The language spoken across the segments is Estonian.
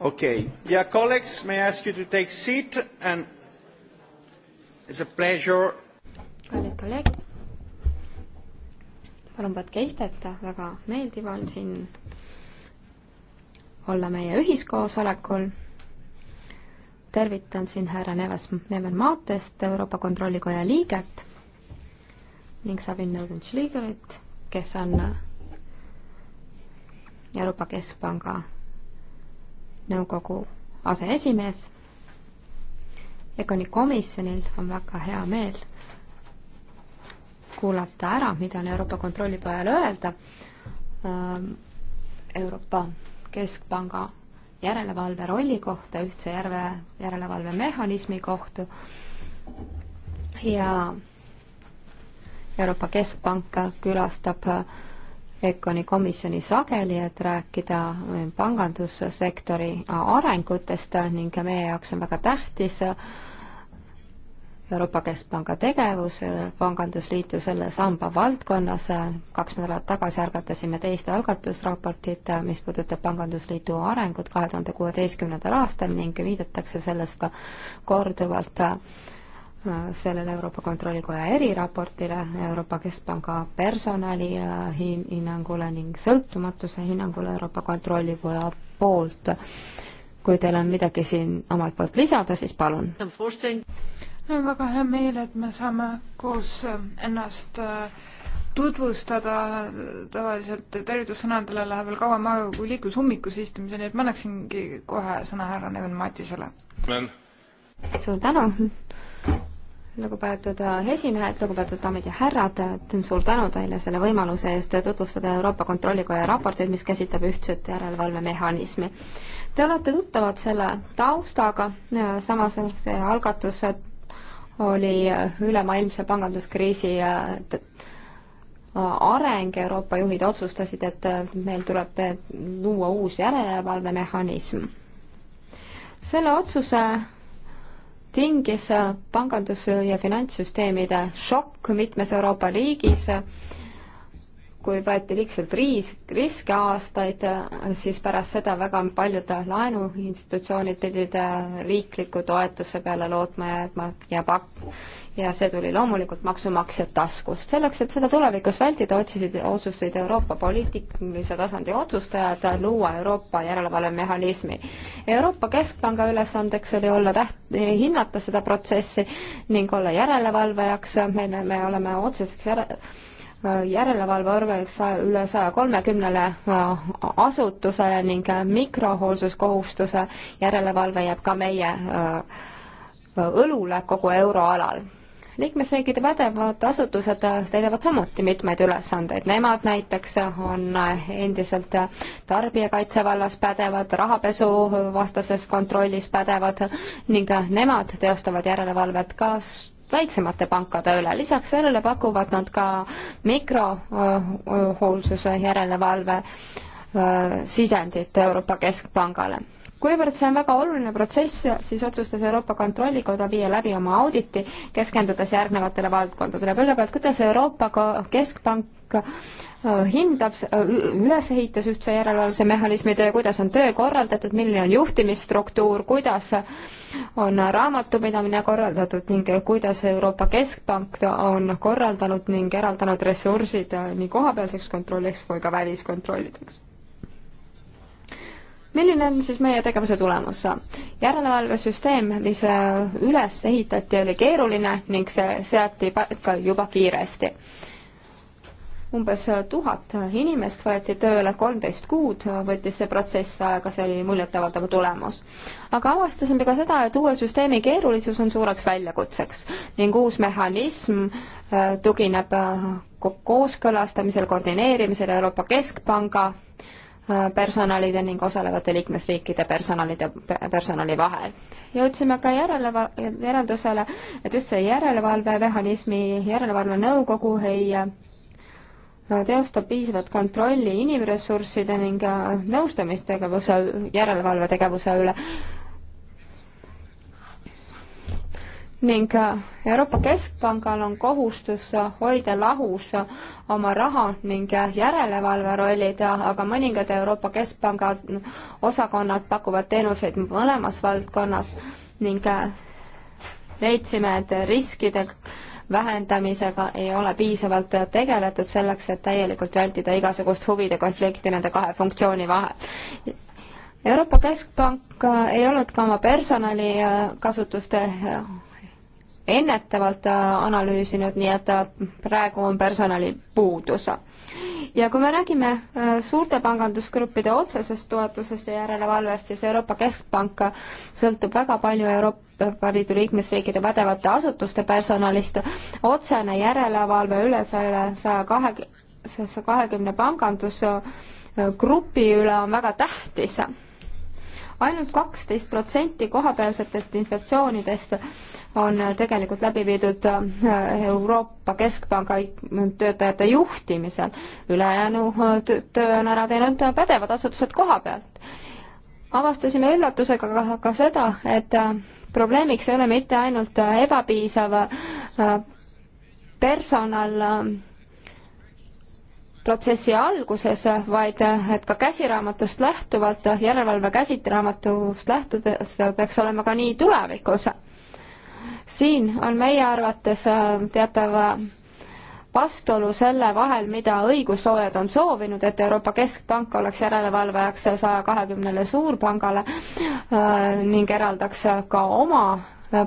Okay. Dear colleagues, may I ask you to take seat and it's a pleasure. kallid kolleegid, palun võtke istet, väga meeldiv on siin olla meie ühiskoosolekul. tervitan siin härra Neves, Neven Maatest, Euroopa Kontrollikoja liiget ning Sabin Nõudin-Šligerit, kes on Euroopa Keskpanga nõukogu aseesimees. Econi komisjonil on väga hea meel kuulata ära, mida on Euroopa Kontrollipojal öelda ähm, Euroopa Keskpanga järelevalve rolli kohta, ühtse järve järelevalvemehhanismi kohta ja Euroopa Keskpank külastab äh, EKONi komisjoni sageli, et rääkida eh, pangandussektori arengutest ning meie jaoks on väga tähtis Euroopa Keskpanga tegevus eh, Pangandusliitu selle samba valdkonnas. kaks nädalat tagasi algatasime teist algatusraportit, eh, mis puudutab Pangandusliidu arengut kahe tuhande kuueteistkümnendal aastal ning viidatakse selles ka korduvalt äh, sellele Euroopa Kontrollikoja eriraportile, Euroopa Keskpanga personali äh, hinnangule ning sõltumatuse hinnangule Euroopa Kontrollikoja poolt. kui teil on midagi siin omalt poolt lisada, siis palun. mul on väga hea meel, et me saame koos äh, ennast äh, tutvustada, tavaliselt tervitussõnadele läheb veel kauem aega kui liiklushommikus istumiseni, et ma annaksingi kohe sõna härra Neven Matisele. suur tänu lugupeetud äh, esimehed, lugupeetud daamid ja härrad, äh, suur tänu teile selle võimaluse eest tutvustada Euroopa Kontrollikoja raporteid, mis käsitleb ühtset järelevalvemehhanismi. Te olete tuttavad selle taustaga, äh, samas see algatus oli ülemaailmse panganduskriisi areng, Euroopa juhid otsustasid, et meil tuleb luua uus järelevalvemehhanism. selle otsuse tingis pangandus- ja finantssüsteemide šokk mitmes Euroopa riigis kui võeti liigselt riis, riske aastaid, siis pärast seda väga paljud laenuinstitutsioonid pidid äh, riikliku toetuse peale lootma jääma ja pakk. ja see tuli loomulikult maksumaksjad taskust. selleks, et seda tulevikus vältida, otsisid, otsustasid Euroopa poliitilise tasandi otsustajad luua Euroopa järelevalvemehhanismi. Euroopa Keskpanga ülesandeks oli olla täht-, hinnata seda protsessi ning olla järelevalvajaks, me, me oleme otseseks järe-, järelevalveorgan üle saja kolmekümnele äh, asutusele ning äh, mikrohoolsuskohustuse järelevalve jääb ka meie äh, õlule kogu euroalal. liikmesriikide pädevad asutused täidavad samuti mitmeid ülesandeid, nemad näiteks on endiselt tarbijakaitse vallas pädevad, rahapesuvastases kontrollis pädevad ning nemad teostavad järelevalvet ka väiksemate pankade üle, lisaks sellele pakuvad nad ka mikrohoolsuse järelevalve äh, sisendit Euroopa Keskpangale. kuivõrd see on väga oluline protsess, siis otsustas Euroopa Kontrollikoda viia läbi oma auditi, keskendudes järgnevatele valdkondadele. kõigepealt, kuidas Euroopa Keskpank Äh, hindab, äh, üles ehitas ühtse järelevalve mehhanismid, kuidas on töö korraldatud, milline on juhtimisstruktuur, kuidas on raamatupidamine korraldatud ning kuidas Euroopa Keskpank on korraldanud ning eraldanud ressursid äh, nii kohapealseks kontrolliks kui ka väliskontrollideks milline on siis meie tegevuse tulemus? järelevalvesüsteem, mis üles ehitati, oli keeruline ning see seati paika juba kiiresti umbes tuhat inimest võeti tööle, kolmteist kuud võttis see protsess aega, see oli muljetavaldav tulemus. aga avastasime ka seda, et uue süsteemi keerulisus on suureks väljakutseks ning uus mehhanism äh, tugineb äh, kooskõlastamisel, koordineerimisel Euroopa Keskpanga äh, personalide ning osalevate liikmesriikide personalide, personali vahel. jõudsime ka järeleva, järeldusele, et just see järelevalvemehhanismi, järelevalvenõukogu ei teostab piisavat kontrolli inimressursside ning äh, nõustamistegevuse, järelevalvetegevuse üle. ning äh, Euroopa Keskpangal on kohustus äh, hoida lahus oma raha ning järelevalve rollid, aga mõningad Euroopa Keskpanga osakonnad pakuvad teenuseid mõlemas valdkonnas ning leidsime, et riskide vähendamisega ei ole piisavalt tegeletud selleks, et täielikult vältida igasugust huvide konflikti nende kahe funktsiooni vahel. Euroopa Keskpank ei olnud ka oma personalikasutuste äh, äh, ennetavalt äh, analüüsinud, nii et äh, praegu on personalipuudus. ja kui me räägime äh, suurte pangandusgruppide otsesest toetusest ja järelevalvest, siis Euroopa Keskpank sõltub väga palju Euroopa Liidu liikmesriikide pädevate asutuste personalist, otsene järelevalve üle selle saja kahe, saja kahekümne pangandusgrupi üle on väga tähtis ainult kaksteist protsenti kohapealsetest inspektsioonidest on tegelikult läbi viidud äh, Euroopa Keskpanga töötajate juhtimisel. ülejäänu äh, töö on ära teinud pädevad asutused koha pealt. avastasime üllatusega ka, ka seda, et äh, probleemiks ei ole mitte ainult ebapiisav personal, protsessi alguses, vaid et ka käsiraamatust lähtuvalt, järelevalve käsiraamatust lähtudes peaks olema ka nii tulevikus. siin on meie arvates äh, teatav äh, vastuolu selle vahel, mida õigusloojad on soovinud, et Euroopa Keskpank oleks järelevalvajaks saja kahekümnele suurpangale äh, ning eraldaks ka oma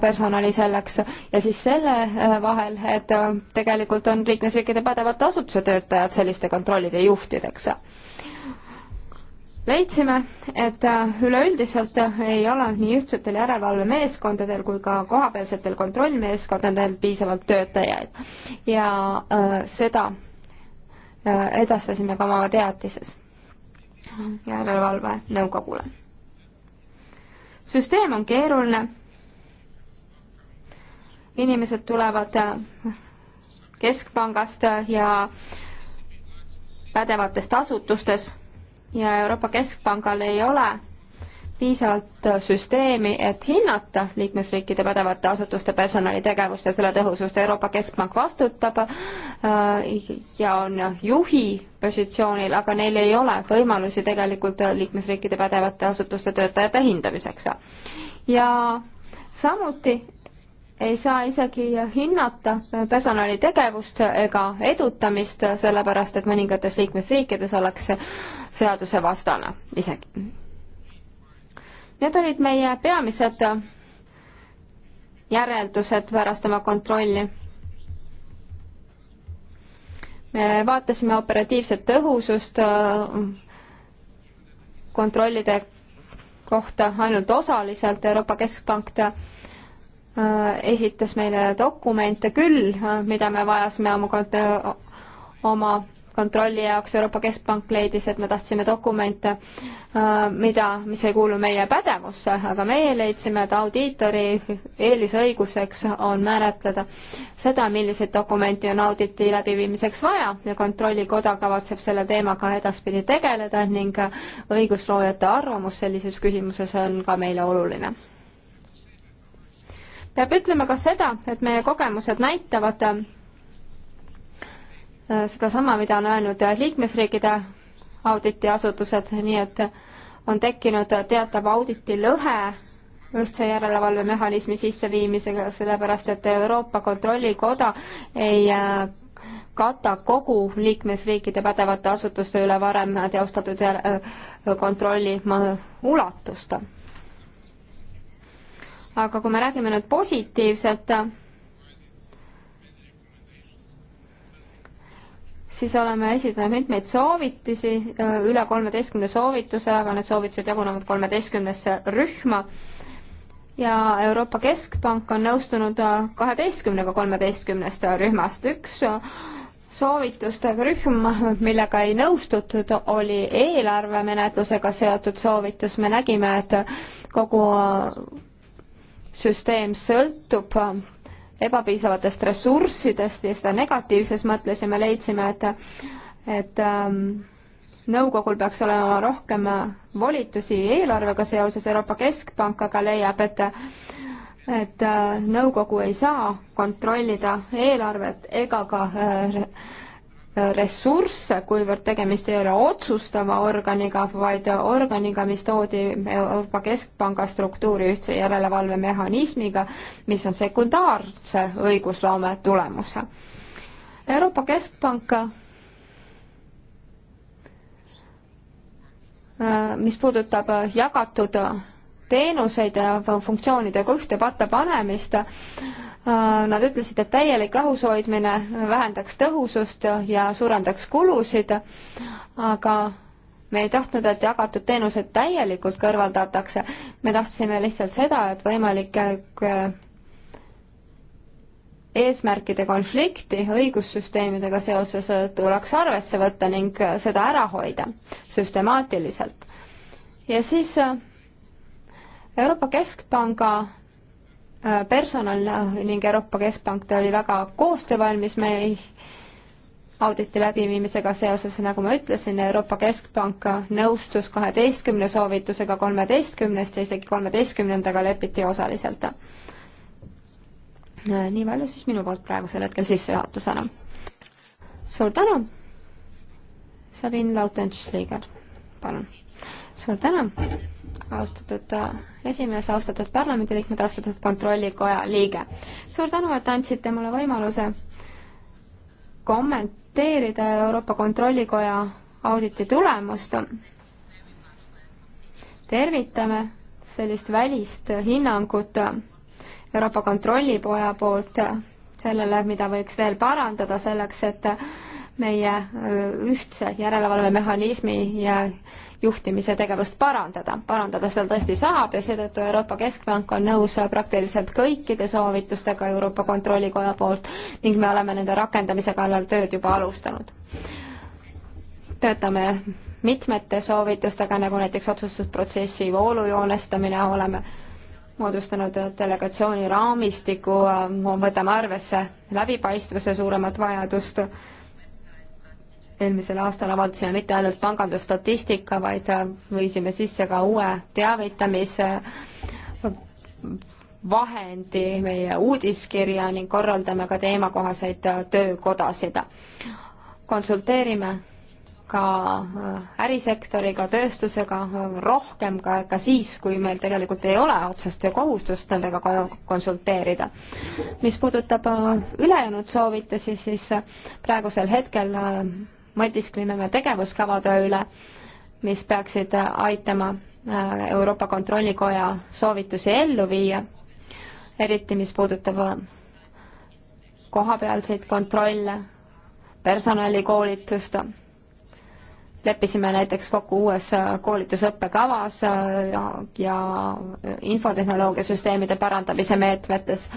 personali selleks ja siis selle äh, vahel, et äh, tegelikult on liikmesriikide pädevate asutuse töötajad selliste kontrollide juhtideks. leidsime, et äh, üleüldiselt ei ole nii ühtsetel järelevalvemeeskondadel kui ka kohapealsetel kontrollmeeskondadel piisavalt töötajaid ja äh, seda äh, edastasime ka oma teatises järelevalve nõukogule. süsteem on keeruline inimesed tulevad äh, keskpangast äh, ja pädevatest asutustest ja Euroopa Keskpangal ei ole piisavalt äh, süsteemi, et hinnata liikmesriikide pädevate asutuste personali tegevust ja selle tõhusust. Euroopa Keskpank vastutab ja on juhi positsioonil, aga neil ei ole võimalusi tegelikult liikmesriikide pädevate asutuste töötajate hindamiseks. ja samuti ei saa isegi hinnata personali tegevust ega edutamist, sellepärast et mõningates liikmesriikides oleks seadusevastane isegi. Need olid meie peamised järeldused pärast oma kontrolli. me vaatasime operatiivset tõhusust kontrollide kohta ainult osaliselt, Euroopa Keskpank Äh, esitas meile dokumente küll, äh, mida me vajasime oma kont-, äh, oma kontrolli jaoks, Euroopa Keskpank leidis, et me tahtsime dokumente, mida, mis ei kuulu meie pädevusse, aga meie leidsime, et audiitori eelisõiguseks on määratleda seda, milliseid dokumenti on auditi läbiviimiseks vaja ja Kontrollikoda kavatseb selle teemaga edaspidi tegeleda ning õigusloojate arvamus sellises küsimuses on ka meile oluline peab ütlema ka seda, et meie kogemused näitavad äh, sedasama, mida on öelnud liikmesriikide auditiasutused, nii et on tekkinud teatav auditi lõhe ühtse järelevalvemehhanismi sisseviimisega, sellepärast et Euroopa Kontrollikoda ei äh, kata kogu liikmesriikide pädevate asutuste üle varem teostatud äh, kontrolli ulatust aga kui me räägime nüüd positiivselt, siis oleme esitanud mitmeid soovitusi, äh, üle kolmeteistkümne soovituse, aga need soovitused jagunevad kolmeteistkümnesse rühma. ja Euroopa Keskpank on nõustunud äh, kaheteistkümnega kolmeteistkümnest rühmast. üks äh, soovitustega rühm, millega ei nõustutud, oli eelarvemenetlusega seotud soovitus. me nägime, et kogu süsteem sõltub ebapiisavatest ressurssidest ja seda negatiivses mõttes ja me leidsime, et, et ähm, nõukogul peaks olema rohkem volitusi eelarvega seoses, Euroopa Keskpank aga leiab, et et äh, nõukogu ei saa kontrollida eelarvet ega ka äh, ressursse, kuivõrd tegemist ei ole otsustava organiga, vaid organiga, mis toodi Euroopa Keskpanga struktuuri ühtse järelevalvemehhanismiga, mis on sekundaarse õigusloome tulemus. Euroopa Keskpank mis puudutab jagatud teenuseid ja funktsioonidega ühte patta panemist, Äh, nad ütlesid, et täielik lahushoidmine vähendaks tõhusust ja suurendaks kulusid, aga me ei tahtnud, et jagatud teenused täielikult kõrvaldatakse, me tahtsime lihtsalt seda, et võimalike äh, eesmärkide konflikti õigussüsteemidega seoses äh, tuleks arvesse võtta ning seda ära hoida süstemaatiliselt. ja siis Euroopa Keskpanga Äh, personal äh, ning Euroopa Keskpank, ta oli väga koostöövalmis meie auditi läbiviimisega seoses, nagu ma ütlesin, Euroopa Keskpank äh, nõustus kaheteistkümne soovitusega kolmeteistkümnest ja isegi kolmeteistkümnendaga lepiti osaliselt. nii palju siis minu poolt praegusel hetkel sissejuhatusena. suur tänu, Sabin Lautentšliiger, palun. suur tänu austatud äh, esimees, austatud parlamendiliikmed, austatud kontrollikoja liige. suur tänu, et andsite mulle võimaluse kommenteerida Euroopa Kontrollikoja auditi tulemust. tervitame sellist välist hinnangut Euroopa Kontrollipoja poolt sellele, mida võiks veel parandada selleks, et meie äh, ühtse järelevalvemehhanismi ja juhtimise tegevust parandada. parandada seda tõesti saab ja seetõttu Euroopa Keskpank on nõus praktiliselt kõikide soovitustega Euroopa Kontrollikoja poolt ning me oleme nende rakendamise kallal tööd juba alustanud. töötame mitmete soovitustega, nagu näiteks otsustusprotsessi voolu joonestamine, oleme moodustanud delegatsiooni raamistiku, võtame arvesse läbipaistvuse suuremat vajadust eelmisel aastal avaldasime mitte ainult pangandusstatistika, vaid äh, viisime sisse ka uue teavitamise äh, vahendi meie uudiskirja ning korraldame ka teemakohaseid äh, töökodasid. konsulteerime ka ärisektoriga, tööstusega rohkem ka, ka siis, kui meil tegelikult ei ole otsest kohustust nendega konsulteerida. mis puudutab ülejäänud soovitusi, siis praegusel hetkel mõtiskleme me tegevuskavade üle, mis peaksid aitama äh, Euroopa Kontrollikoja soovitusi ellu viia, eriti mis puudutab äh, kohapealseid kontrolle, personalikoolitust. leppisime näiteks kokku uues äh, koolitusõppekavas ja, ja infotehnoloogiasüsteemide parandamise meetmetes.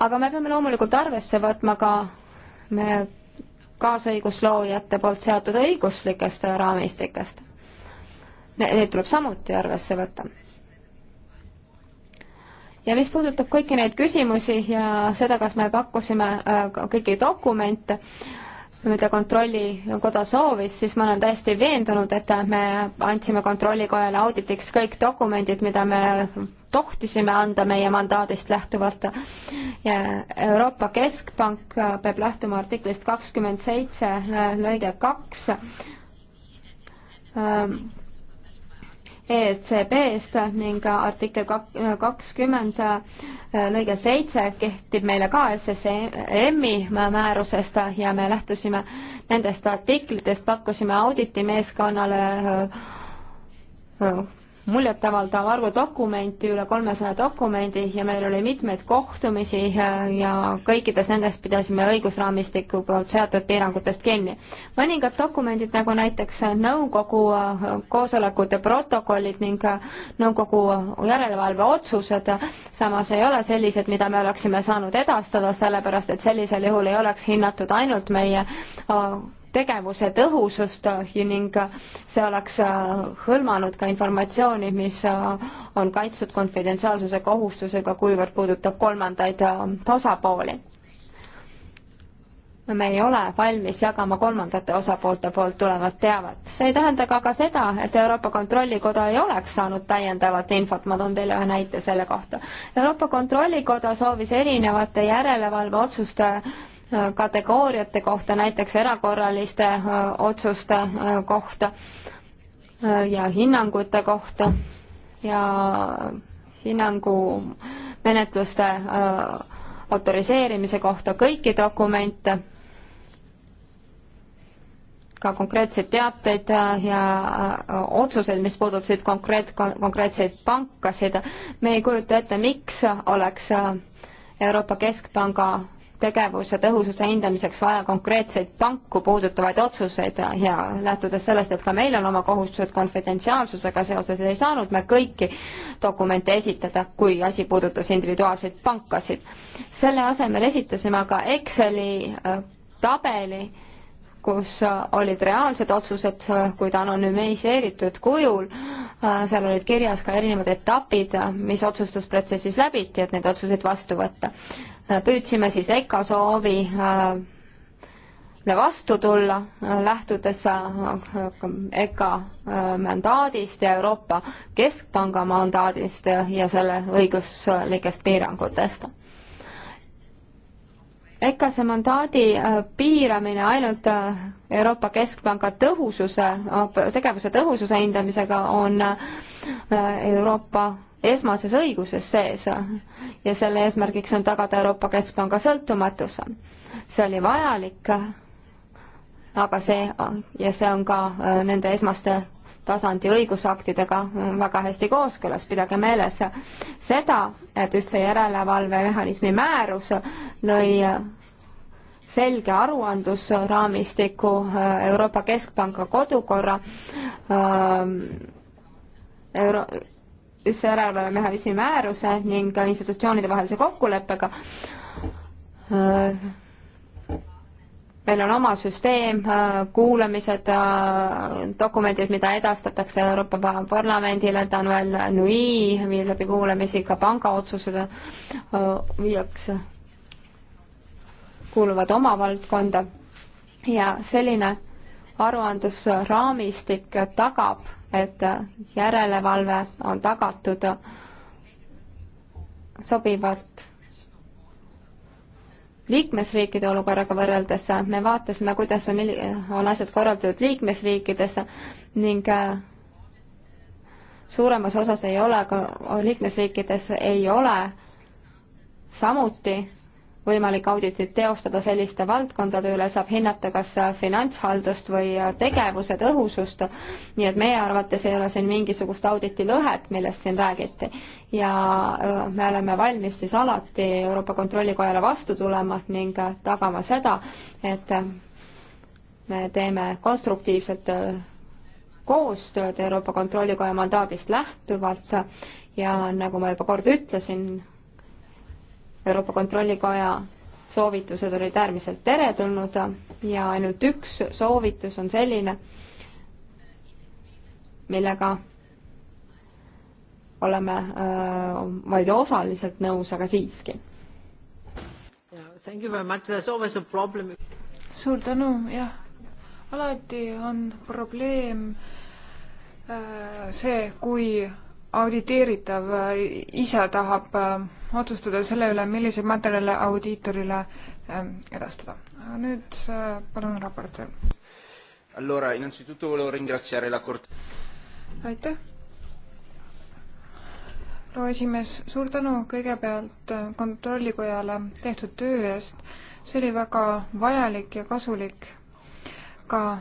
aga me peame loomulikult arvesse võtma ka me kaasõigusloojate poolt seatud õiguslikest raamistikest. Neid tuleb samuti arvesse võtta. ja mis puudutab kõiki neid küsimusi ja seda, kas me pakkusime äh, kõiki dokumente, mida Kontrollikoda soovis, siis ma olen täiesti veendunud, et me andsime Kontrollikojale auditiks kõik dokumendid, mida me tohtisime anda meie mandaadist lähtuvalt. ja Euroopa Keskpank peab lähtuma artiklist kakskümmend seitse lõige kaks ECB-st ning artikkel kakskümmend äh, lõige seitse kehtib meile ka SSM-i määrusest ja me lähtusime nendest artiklitest, pakkusime auditimeeskonnale äh, äh, muljetavaldav arvu dokumenti, üle kolmesaja dokumendi ja meil oli mitmeid kohtumisi äh, ja kõikides nendes pidasime õigusraamistiku poolt seatud piirangutest kinni. mõningad dokumendid, nagu näiteks nõukogu äh, koosolekute protokollid ning äh, nõukogu järelevalve otsused, samas ei ole sellised, mida me oleksime saanud edastada, sellepärast et sellisel juhul ei oleks hinnatud ainult meie tegevuse tõhusust ning see oleks äh, hõlmanud ka informatsiooni, mis äh, on kaitstud konfidentsiaalsuse kohustusega, kuivõrd puudutab kolmandaid äh, osapooli. me ei ole valmis jagama kolmandate osapoolte poolt tulevat teavet. see ei tähenda ka, ka seda, et Euroopa Kontrollikoda ei oleks saanud täiendavat infot, ma toon teile ühe näite selle kohta. Euroopa Kontrollikoda soovis erinevate järelevalveotsuste kategooriate kohta, näiteks erakorraliste äh, otsuste äh, kohta äh, ja hinnangute kohta ja hinnangu menetluste autoriseerimise kohta kõiki dokumente, ka konkreetseid teateid ja otsuseid, mis puudutasid konkreet-, konkreetseid pankasid. me ei kujuta ette, miks oleks Euroopa Keskpanga tegevuse tõhususe hindamiseks vaja konkreetseid panku puudutavaid otsuseid ja, ja lähtudes sellest, et ka meil on oma kohustused konfidentsiaalsusega seoses, ei saanud me kõiki dokumente esitada, kui asi puudutas individuaalseid pankasid. selle asemel esitasime aga Exceli äh, tabeli, kus äh, olid reaalsed otsused, äh, kuid anonüümiseeritud kujul. seal olid kirjas ka erinevad etapid, mis otsustusprotsessis läbiti, et neid otsuseid vastu võtta püüdsime siis EKA soovi äh, vastu tulla, äh, lähtudes äh, EKA mandaadist ja Euroopa Keskpanga mandaadist ja selle õiguslikest piirangutest EKA see mandaadi piiramine ainult Euroopa Keskpanga tõhususe, tegevuse tõhususe hindamisega on Euroopa esmases õiguses sees ja selle eesmärgiks on tagada Euroopa Keskpanga sõltumatus. see oli vajalik, aga see ja see on ka äh, nende esmaste tasandi õigusaktidega väga hästi kooskõlas, pidage meeles seda, et ühtse järelevalvemehhanismi määrus lõi selge aruandlusraamistiku äh, Euroopa Keskpanga kodukorra äh, Euro ühtse järelevalvemehhanismi määruse ning institutsioonide vahelise kokkuleppega. meil on oma süsteem, kuulamised, dokumendid, mida edastatakse Euroopa Parlamendile, Daniel Nui viib läbi kuulamisi, ka pangaotsused viiakse, kuuluvad oma valdkonda ja selline aruandlusraamistik tagab et järelevalve on tagatud sobivalt liikmesriikide olukorraga võrreldes. me vaatasime, kuidas on, on asjad korraldatud liikmesriikides ning äh, suuremas osas ei ole, liikmesriikides ei ole samuti võimalik auditit teostada selliste valdkondade üle, saab hinnata kas finantshaldust või tegevuse tõhusust, nii et meie arvates ei ole siin mingisugust auditi lõhet, millest siin räägiti. ja me oleme valmis siis alati Euroopa Kontrollikojale vastu tulema ning tagama seda, et me teeme konstruktiivset koostööd Euroopa Kontrollikoja mandaadist lähtuvalt ja nagu ma juba kord ütlesin, Euroopa Kontrollikoja soovitused olid äärmiselt teretulnud ja ainult üks soovitus on selline, millega oleme äh, vaid osaliselt nõus, aga siiski yeah,. suur tänu, jah. alati on probleem äh, see, kui auditeeritav ise tahab äh, otsustada selle üle, milliseid materjale audiitorile ähm, edastada. nüüd äh, palun raportööri. Allora, innanzitutto volevo ringraziare la cort-. aitäh. proua esimees, suur tänu kõigepealt äh, Kontrollikojale tehtud töö eest. see oli väga vajalik ja kasulik ka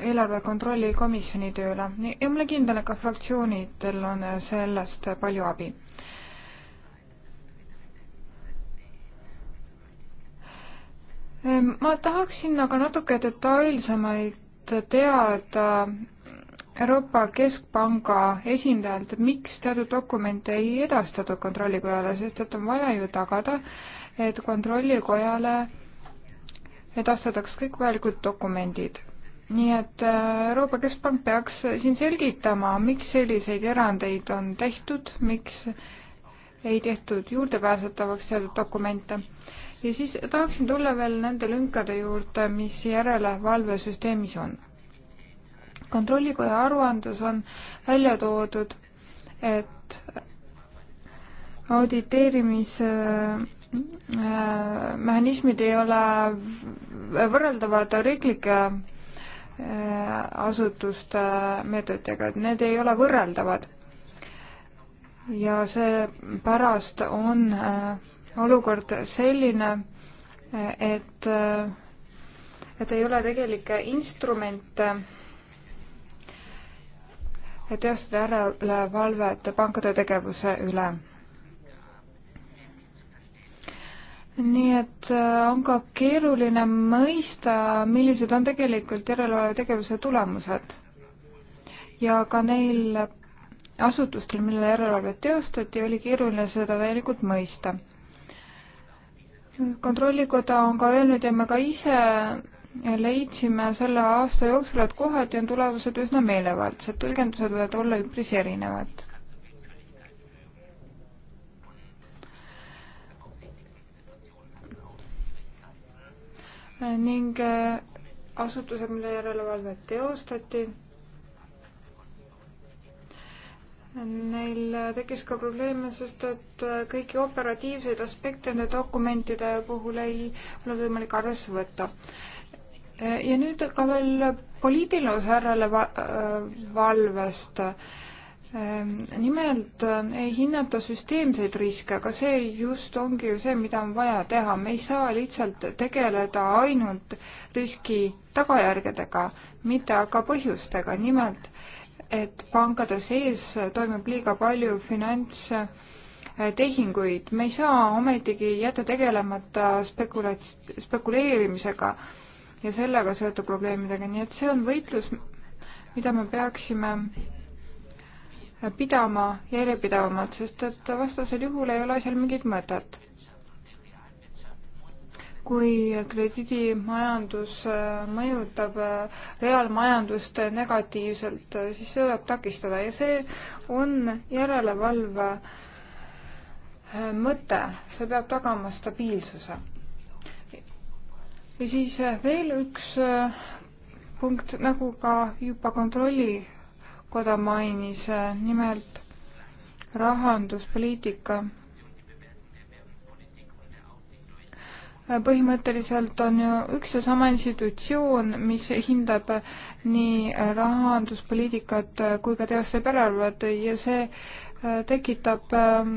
eelarve kontrolli komisjoni tööle ja ma olen kindel, et ka fraktsioonidel on äh, sellest palju abi. Ehm, ma tahaksin aga natuke detailsemaid teada Euroopa Keskpanga esindajalt, miks teatud dokumente ei edastatud Kontrollikojale, sest et on vaja ju tagada, et Kontrollikojale edastataks kõik vajalikud dokumendid. nii et äh, Euroopa Keskpank peaks siin selgitama, miks selliseid erandeid on tehtud, miks ei tehtud juurdepääsetavaks teatud dokumente ja siis tahaksin tulla veel nende lünkade juurde, mis järelevalvesüsteemis on. kontrollikoja aruandes on välja toodud, et auditeerimise äh, mehhanismid ei ole võrreldavad riiklike äh, asutuste meetoditega, et need ei ole võrreldavad. ja seepärast on äh, olukord selline, et, et ei ole tegelikke instrumente teostada järelevalvet pankade tegevuse üle. nii et äh, on ka keeruline mõista, millised on tegelikult järelevalve tegevuse tulemused ja ka neil asutustel, millele järelevalvet teostati, oli keeruline seda täielikult mõista kontrollikoda on ka öelnud ja me ka ise leidsime selle aasta jooksul, et kohati on tulemused üsna meelevaldsed, tõlgendused võivad olla üpris erinevad. ning eh, asutused, mille järelevalvet teostati Neil tekkis ka probleeme, sest et äh, kõiki operatiivseid aspekte nende dokumentide puhul ei ole võimalik arvesse võtta. Äh, ja nüüd ka veel poliitiline järelevalvest äh,. Ähm, nimelt äh, ei hinnata süsteemseid riske, aga see just ongi ju see, mida on vaja teha. me ei saa lihtsalt tegeleda ainult riski tagajärgedega, mitte aga põhjustega. nimelt et pankade sees toimub liiga palju finantstehinguid. me ei saa ometigi jätta tegelemata spekulats-, spekuleerimisega ja sellega seotud probleemidega, nii et see on võitlus, mida me peaksime pidama järjepidevamalt, sest et vastasel juhul ei ole asjal mingit mõtet kui krediidimajandus äh, mõjutab äh, reaalmajandust äh, negatiivselt, siis seda tuleb takistada ja see on järelevalve mõte, see peab tagama stabiilsuse. ja siis veel üks punkt, nagu ka juba Kontrollikoda mainis, nimelt rahanduspoliitika põhimõtteliselt on ju üks ja sama institutsioon, mis hindab nii rahanduspoliitikat kui ka teostab järelevalvet ja see äh, tekitab ähm,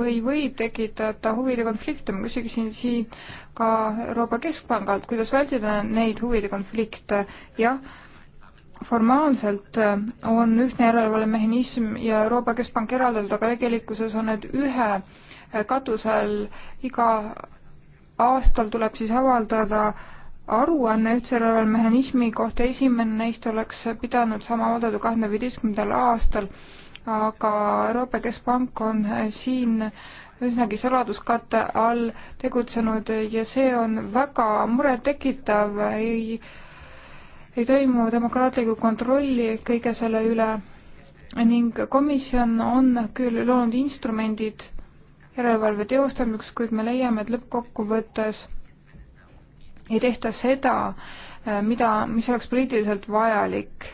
või võib tekitada huvide konflikte, ma küsiksin siin ka Euroopa Keskpangalt, kuidas vältida neid huvide konflikte, jah, formaalselt äh, on ühtne järelevalvemehhanism ja Euroopa Keskpank eraldatud, aga tegelikkuses on need ühe äh, katuse all iga aastal tuleb siis avaldada aruanne ühtse relvamehhanismi kohta, esimene neist oleks pidanud saama avaldada kahekümne viieteistkümnendal aastal, aga Euroopa Keskpank on siin üsnagi saladuskatte all tegutsenud ja see on väga murettekitav, ei, ei toimu demokraatlikku kontrolli kõige selle üle ning komisjon on küll loonud instrumendid järelevalve teostamiseks, kuid me leiame, et lõppkokkuvõttes ei tehta seda, äh, mida, mis oleks poliitiliselt vajalik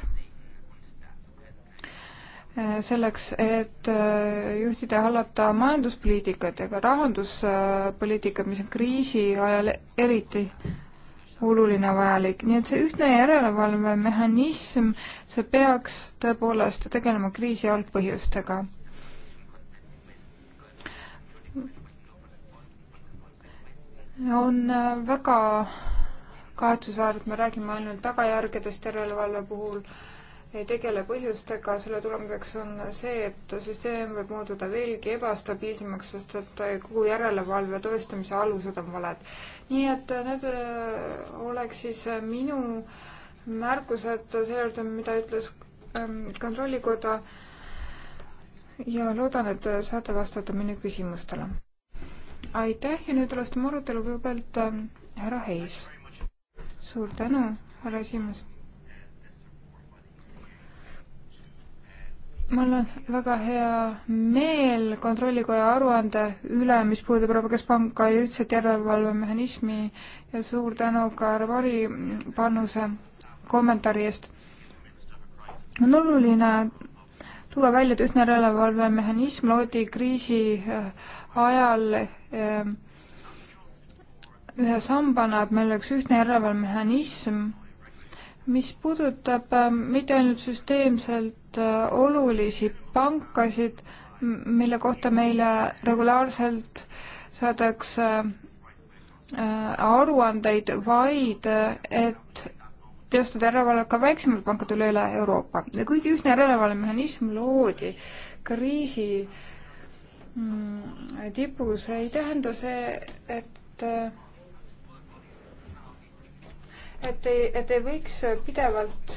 äh, selleks, et äh, juhtida ja hallata majanduspoliitikat ja ka rahanduspoliitikat, mis on kriisi ajal eriti oluline, vajalik, nii et see ühtne järelevalvemehhanism, see peaks tõepoolest tegelema kriisi algpõhjustega. on äh, väga kahetsusväärne, et me räägime ainult tagajärgedest järelevalve puhul, ei tegele põhjustega, selle tulemuseks on see, et süsteem võib muutuda veelgi ebastabiilsemaks, sest et äh, kogu järelevalve tõestamise alused on valed. nii et äh, need oleks siis minu märkused selle juurde, mida ütles ähm, kontrollikoda ja loodan, et saate vastata minu küsimustele aitäh ja nüüd alustame arutelu kõigepealt ähm, härra Heis. suur tänu, härra esimees. mul on väga hea meel Kontrollikoja aruande üle, mis puudutab Rabobanka ja ühtset järelevalvemehhanismi ja suur tänu ka härra Vari panuse kommentaari eest. on oluline tuua välja, et ühtne järelevalvemehhanism loodi kriisi äh, ajal ehm, ühe sambana, et meil oleks ühtne järelevalvemehhanism, mis puudutab ehm, mitte ainult süsteemselt eh, olulisi pankasid, mille kohta meile regulaarselt saadakse eh, aruandeid, vaid eh, et teostada järelevalvet ka väiksemate pankade üle üle Euroopa. ja kuigi ühtne järelevalvemehhanism loodi kriisi Mm, tipus, ei tähenda see, et äh, et ei, et ei võiks pidevalt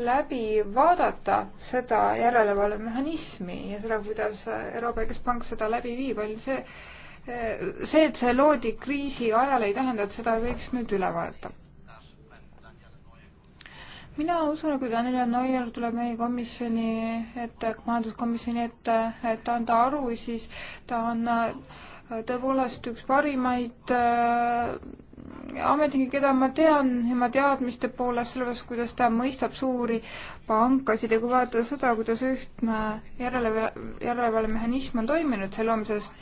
läbi vaadata seda järelevalvemehhanismi ja seda, kuidas Euroopa Keskpank seda läbi viib, on see, äh, see, et see loodi kriisi ajal, ei tähenda, et seda ei võiks nüüd üle vaadata mina usun, et kui Daniel Neuer tuleb meie komisjoni ette, majanduskomisjoni ette, et anda aru, siis ta on äh, tõepoolest üks parimaid äh, ametnikke, keda ma tean tema teadmiste poolest, sellepärast kuidas ta mõistab suuri pankasid ja kui vaadata seda, kuidas ühtne järelevalve, järelevalvemehhanism on toiminud selle homsest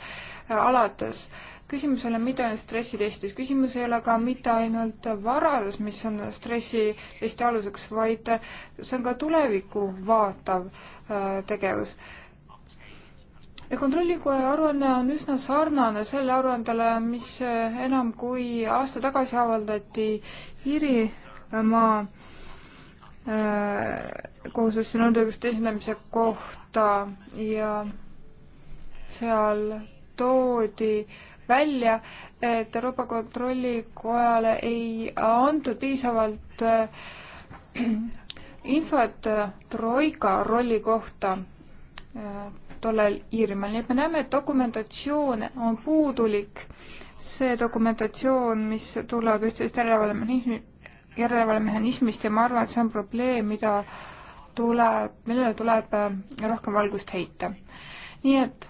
äh, alates, küsimus ei ole mitte ainult stressitestis, küsimus ei ole ka mitte ainult varades, mis on stressitesti aluseks, vaid see on ka tulevikku vaatav äh, tegevus. ja Kontrollikoja aruanne on üsna sarnane selle aruandele, mis äh, enam kui aasta tagasi avaldati Iirimaa äh, kohustusliku nõudeõiguste esindamise kohta ja seal toodi äh, välja, et Euroopa Kontrollikojale ei antud piisavalt äh, infot äh, troika rolli kohta äh, tollel Iirimaal, nii et me näeme, et dokumentatsioon on puudulik. see dokumentatsioon, mis tuleb ühtsest järelevalvemehhanismi, järelevalvemehhanismist ja ma arvan, et see on probleem, mida tuleb, millele tuleb rohkem valgust heita. nii et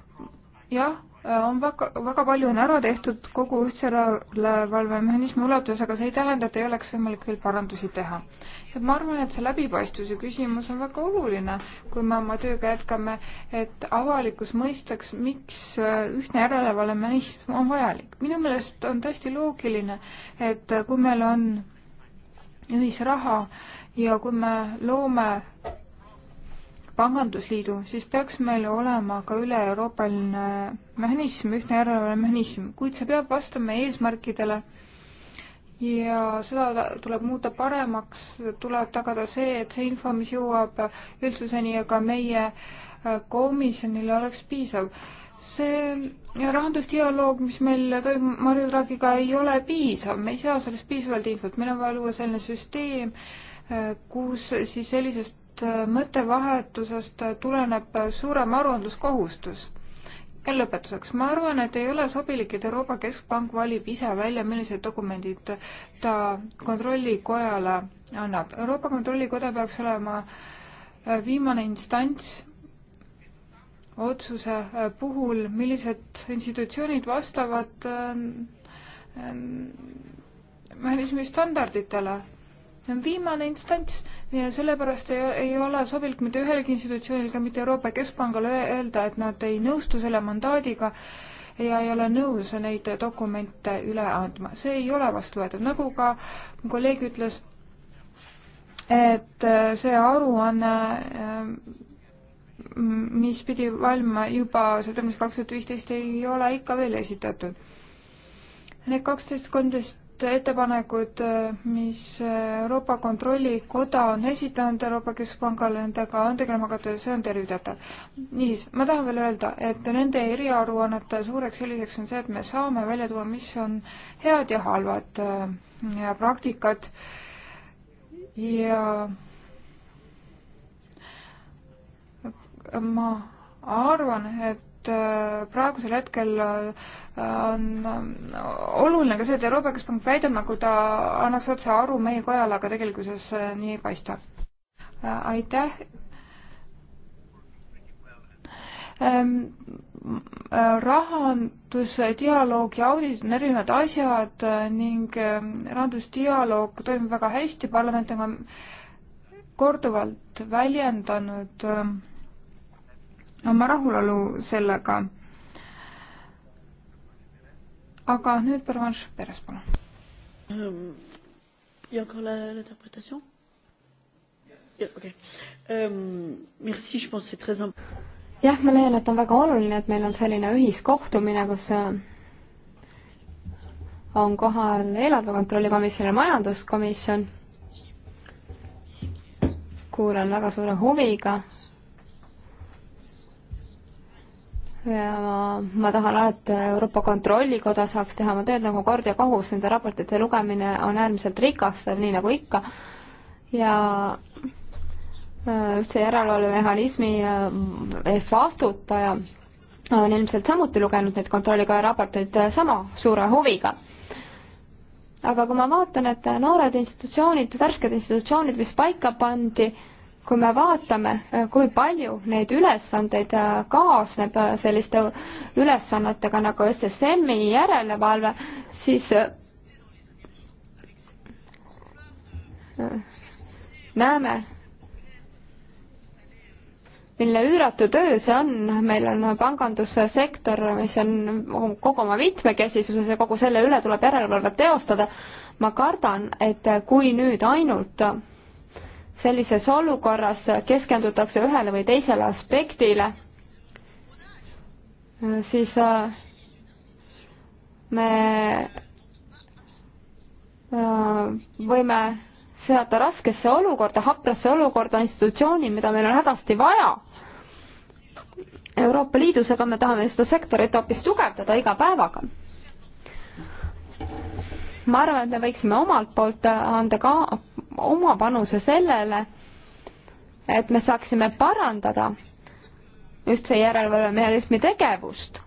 jah on väga, väga palju on ära tehtud kogu ühtse valvemehhanismi ulatuses, aga see ei tähenda, et ei oleks võimalik veel parandusi teha. et ma arvan, et see läbipaistvuse küsimus on väga oluline, kui me oma tööga jätkame, et avalikkus mõistaks, miks äh, ühtne järelevalvemehhanism on vajalik. minu meelest on täiesti loogiline, et äh, kui meil on ühisraha ja kui me loome pangandusliidu, siis peaks meil olema ka üle-euroopaline mehhanism, ühtne järelevalvemehhanism, kuid see peab vastama eesmärkidele ja seda tuleb muuta paremaks, tuleb tagada see, et see info, mis jõuab üldsuseni ja ka meie äh, komisjonile, oleks piisav. see rahandusdialoog, mis meil toimub Marju Draghiga, ei ole piisav, me ei saa sellest piisavalt infot, meil on vaja luua selline süsteem, äh, kus siis sellisest sellest äh, mõttevahetusest äh, tuleneb äh, suurem aruandluskohustus. ja lõpetuseks, ma arvan, et ei ole sobilik, et Euroopa Keskpank valib ise välja, millised dokumendid ta kontrollikojale annab. Euroopa Kontrollikoda peaks olema viimane instants otsuse puhul, millised institutsioonid vastavad mehhanismi standarditele. see on viimane instants ja sellepärast ei, ei ole sobilik mitte ühelegi institutsioonile, ka mitte Euroopa Keskpangale öelda, et nad ei nõustu selle mandaadiga ja ei ole nõus neid dokumente üle andma. see ei ole vastuvõetav, nagu ka kolleeg ütles, et äh, see aruanne, äh, mis pidi valmima juba septembris kaks tuhat viisteist, ei ole ikka veel esitatud. Need kaksteist, kolmteist need ettepanekud, mis Euroopa Kontrollikoda on esitanud Euroopa Keskpangale, nendega on tegelema hakatud ja see on tervitatav. niisiis, ma tahan veel öelda, et nende eriaruannete suureks eeliseks on see, et me saame välja tuua, mis on head ja halvad äh, ja praktikad ja ma arvan, et et äh, praegusel hetkel äh, on äh, oluline ka see, et Euroopa Keskpank väidab, nagu ta annaks otse aru meie kojale, aga tegelikkuses nii ei paista. aitäh ähm, rahandusdialoog ja audit on erinevad asjad ning ähm, rahandusdialoog toimib väga hästi, parlament on ka korduvalt väljendanud äh, oma rahulolu sellega. aga nüüd Pervanš Peres, palun. ja ka interpretatsioon? jah, ma leian, et on väga oluline, et meil on selline ühiskohtumine, kus äh, on kohal eelarve kontrolli komisjon ja majanduskomisjon. kuulan väga suure huviga ja ma tahan alati, Euroopa Kontrollikoda saaks teha oma tööd nagu kord ja kohus, nende raportite lugemine on äärmiselt rikastav, nii nagu ikka, ja äh, ühtse järelevalvemehhanismi äh, eest vastutaja on ilmselt samuti lugenud neid Kontrollikoja raporteid äh, sama suure huviga aga kui ma vaatan, et noored institutsioonid, värsked institutsioonid, mis paika pandi äh,, kui me vaatame, kui palju neid ülesandeid äh, kaasneb äh, selliste ülesannetega nagu SSM-i järelevalve, siis äh, näeme, milline üüratu töö see on, meil on pangandussektor, mis on kogu oma mitmekesisuses ja kogu selle üle tuleb järelevalvet teostada. ma kardan, et kui nüüd ainult sellises olukorras keskendutakse ühele või teisele aspektile, siis äh, me äh, võime seada raskesse olukorda, haprasse olukorda institutsiooni, mida meil on hädasti vaja Euroopa Liidus, aga me tahame seda sektorit hoopis tugevdada iga päevaga. ma arvan, et me võiksime omalt poolt anda ka oma panuse sellele, et me saaksime parandada ühtse järelevalvemehhanismi tegevust.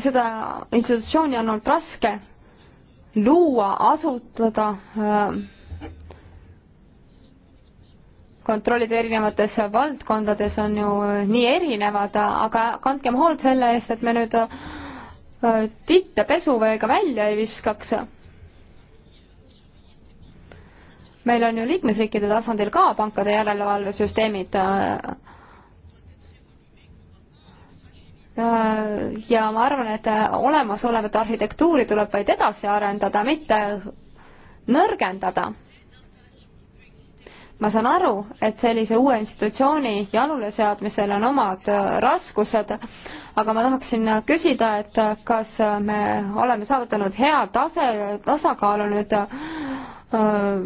seda institutsiooni on olnud raske luua, asutada äh, kontrollid erinevates valdkondades on ju äh, nii erinevad, aga kandkem hoolt selle eest, et me nüüd äh, titta pesuveega välja ei viskaks. meil on ju liikmesriikide tasandil ka pankade järelevalvesüsteemid. Äh, ja ma arvan, et olemasolevat arhitektuuri tuleb vaid edasi arendada, mitte nõrgendada ma saan aru, et sellise uue institutsiooni jaluleseadmisel on omad äh, raskused, aga ma tahaksin küsida, et äh, kas me oleme saavutanud hea tase, tasakaalu nüüd äh,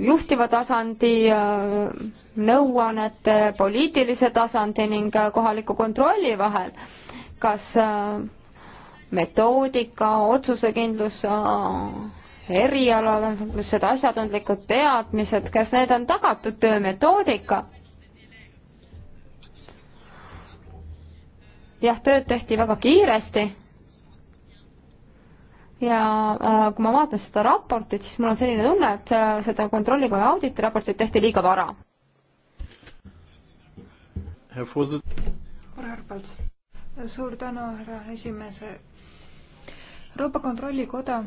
juhtiva tasandi nõuannete, poliitilise tasandi ning kohaliku kontrolli vahel. kas metoodika, otsusekindlus erialad, seda asjatundlikud teadmised, kas need on tagatud töömetoodika? jah, tööd tehti väga kiiresti. ja äh, kui ma vaatan seda raportit, siis mul on selline tunne, et äh, seda kontrollikoja auditi raportit tehti liiga vara. suur tänu, härra esimees. Euroopa Kontrollikoda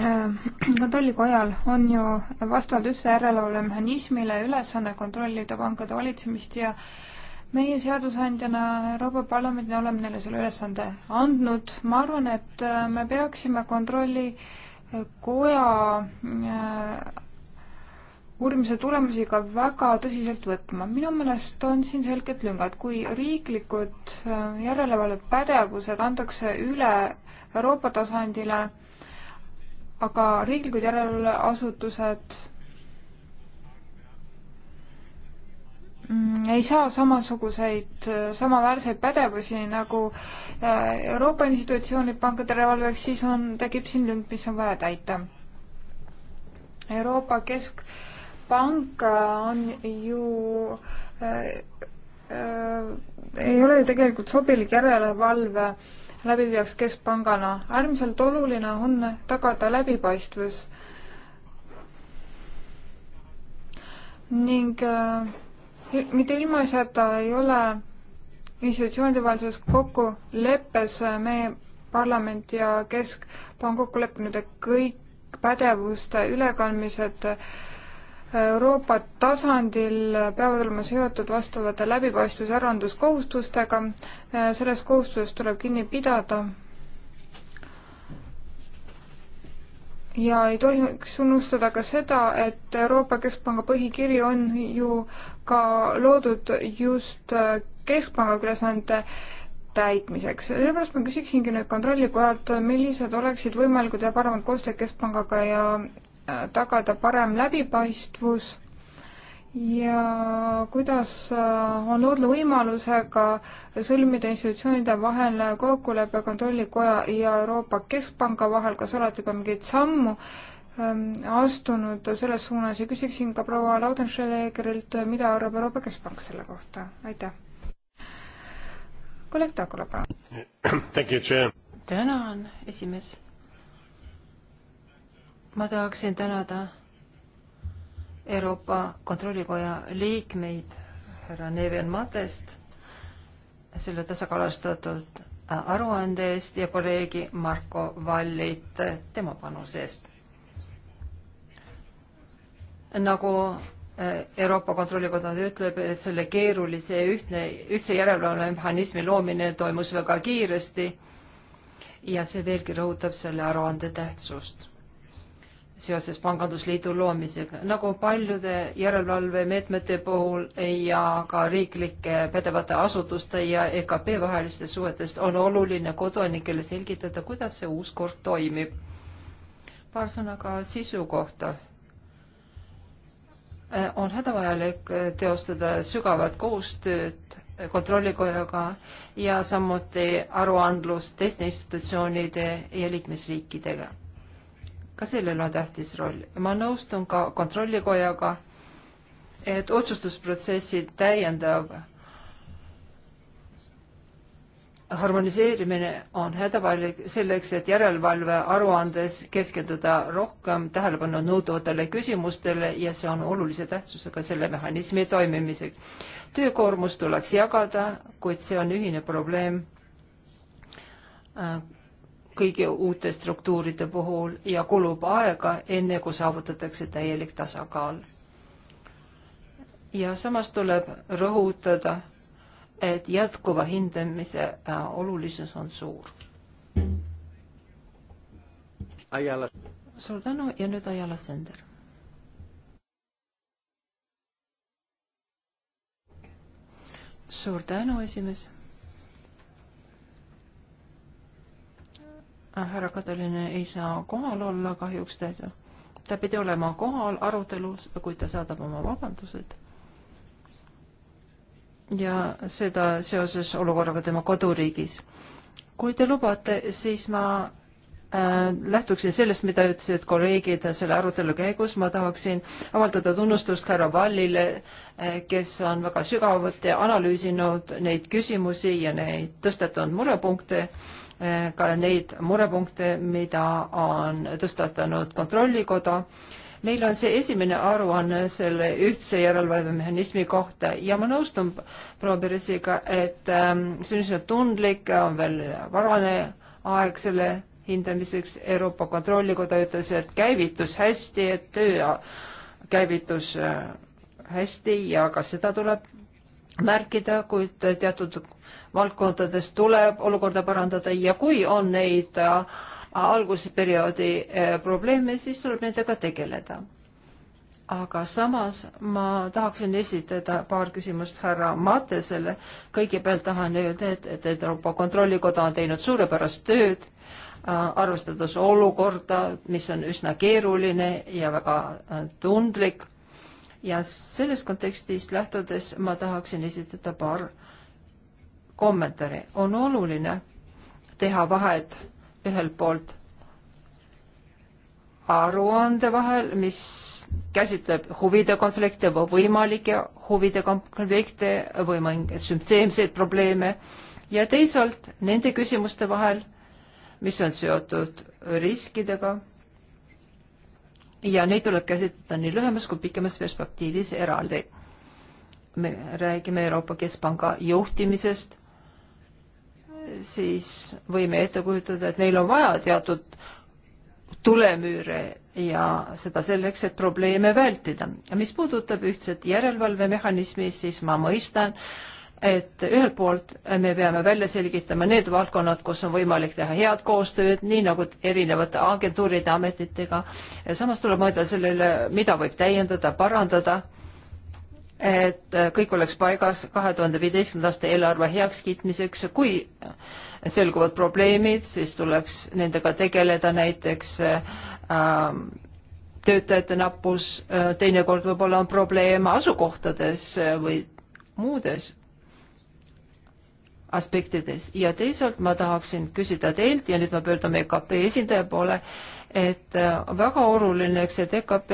Äh, kontrollikojal on ju vastavalt üldse järelevalvemehhanismile ülesanne kontrollida pankade valitsemist ja meie seadusandjana Euroopa Parlamendina oleme neile selle ülesande andnud. ma arvan, et äh, me peaksime kontrollikoja äh, uurimise tulemusi ka väga tõsiselt võtma. minu meelest on siin selged lüngad, kui riiklikud järelevalvepädevused antakse üle Euroopa tasandile aga riiklikud järelevalveasutused mm, ei saa samasuguseid, samaväärseid pädevusi nagu äh, Euroopa institutsioonid pankade revalveks, siis on, tekib siin lünk, mis on vaja täita. Euroopa Keskpank äh, on ju äh, äh, ei ole ju tegelikult sobilik järelevalve äh, läbiviijaks keskpangana. äärmiselt oluline on tagada läbipaistvus ning äh, mitte ilmaasjata ei ole institutsioonide vahelises kokkuleppes äh, meie parlament ja keskpank kokku leppinud, et kõik pädevuste ülekandmised äh, Euroopa tasandil peavad olema seotud vastavate läbipaistvuse aranduskohustustega. sellest kohustusest tuleb kinni pidada. ja ei tohiks unustada ka seda, et Euroopa Keskpanga põhikiri on ju ka loodud just keskpanga ülesande täitmiseks. sellepärast ma küsiksingi nüüd kontrollikojalt, millised oleksid võimalikud ja paremad koostööd Keskpangaga ja tagada parem läbipaistvus ja kuidas äh, on loodud võimalusega sõlmida institutsioonide vahel kokkulepe Kontrollikoja ja Euroopa Keskpanga vahel, kas olete juba mingeid sammu ähm, astunud selles suunas ja küsiksin ka proua Laudenschlägerilt, mida arvab Euroopa Keskpank selle kohta, aitäh. kolleeg Takola, palun. tänan, esimees ma tahaksin tänada Euroopa Kontrollikoja liikmeid, härra Neven Matest, selle tasakaalustatud äh, aruande eest ja kolleegi Marko Vallit tema panuse eest. nagu äh, Euroopa Kontrollikoda ütleb, et selle keerulise ühtne, ühtse järelevalvemehhanismi loomine toimus väga kiiresti ja see veelgi rõhutab selle aruande tähtsust seoses Pangandusliidu loomisega. nagu paljude järelevalvemeetmete puhul ja ka riiklike pädevate asutuste ja EKP vahelistest suhetest on oluline kodanikele selgitada, kuidas see uus kord toimib. paar sõna ka sisu kohta. Äh, on hädavajalik äh, teostada sügavat koostööd kontrollikojaga ja samuti aruandlust teiste institutsioonide ja liikmesriikidega ka sellel on tähtis roll. ma nõustun ka Kontrollikojaga, et otsustusprotsessi täiendav harmoniseerimine on hädavajalik selleks, et järelevalve aruandes keskenduda rohkem tähelepanu nõudvatele küsimustele ja see on olulise tähtsusega selle mehhanismi toimimiseks. töökoormust tuleks jagada, kuid see on ühine probleem kõigi uute struktuuride puhul ja kulub aega, enne kui saavutatakse täielik tasakaal. ja samas tuleb rõhutada, et jätkuva hindamise äh, olulisus on suur. suur tänu ja nüüd Ajala Sender. suur tänu, esimees Äh, härra Katalin ei saa kohal olla kahjuks täitsa. ta pidi olema kohal arutelus, kui ta saadab oma vabandused. ja seda seoses olukorraga tema koduriigis. kui te lubate, siis ma äh, lähtuksin sellest, mida ütlesid kolleegid selle arutelu käigus, ma tahaksin avaldada tunnustust härra Vallile, äh, kes on väga sügavuti analüüsinud neid küsimusi ja neid tõstatunud murepunkte ka neid murepunkte, mida on tõstatanud Kontrollikoda. meil on see esimene aruanne selle ühtse järelevalvemehhanismi kohta ja ma nõustun proua Peresiga, et ähm, see on üsna tundlik, on veel varane aeg selle hindamiseks. Euroopa Kontrollikoda ütles, et käivitus hästi, et töö käivitus äh, hästi ja ka seda tuleb märkida, kuid teatud valdkondades tuleb olukorda parandada ja kui on neid äh, algusperioodi äh, probleeme, siis tuleb nendega tegeleda. aga samas ma tahaksin esitada paar küsimust härra Matesele. kõigepealt tahan öelda, et, et Euroopa Kontrollikoda on teinud suurepärast tööd, äh, arvestades olukorda, mis on üsna keeruline ja väga tundlik ja selles kontekstis lähtudes ma tahaksin esitada paar kommentaari. on oluline teha vahet ühelt poolt aruande vahel, mis käsitleb huvide konflikte või võimalikke huvide konflikte või mingeid sümpteemseid probleeme ja teisalt nende küsimuste vahel, mis on seotud riskidega ja neid tuleb käsitleda nii lühemas kui pikemas perspektiivis eraldi. me räägime Euroopa Keskpanga juhtimisest, siis võime ette kujutada, et neil on vaja teatud tulemüüre ja seda selleks, et probleeme vältida. mis puudutab ühtset järelevalvemehhanismi, siis ma mõistan äh, et ühelt poolt me peame välja selgitama need valdkonnad, kus on võimalik teha head koostööd, nii nagu erinevate agentuuride, ametitega, samas tuleb mõelda sellele, mida võib täiendada, parandada, et kõik oleks paigas kahe tuhande viieteistkümnenda aasta eelarve heakskiitmiseks, kui selguvad probleemid, siis tuleks nendega tegeleda näiteks ähm, töötajate nappus, äh, teinekord võib-olla on probleem asukohtades või muudes aspektides ja teisalt ma tahaksin küsida teilt ja nüüd ma pöördun EKP esindaja poole, et äh, väga oluline, eks, et EKP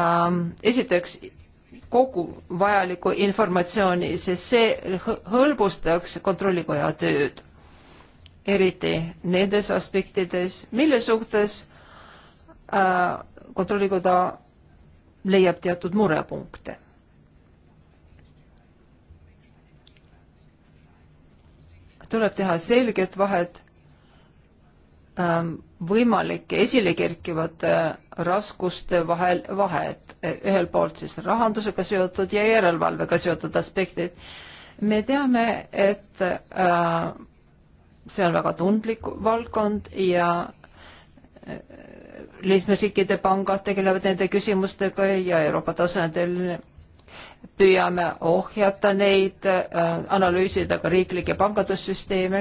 ähm, esiteks kogu vajaliku informatsiooni, sest see hõlbustaks kontrollikoja tööd, eriti nendes aspektides, mille suhtes äh, kontrollikoda leiab teatud murepunkte tuleb teha selget vahet ähm, võimalike esile kerkivate äh, raskuste vahel vahet, e, ühelt poolt siis rahandusega seotud ja järelevalvega seotud aspektid. me teame, et äh, see on väga tundlik valdkond ja äh, liikmesriikide pangad tegelevad nende küsimustega ja Euroopa tasandil püüame ohjata neid, äh, analüüsida ka riiklikke pangandussüsteeme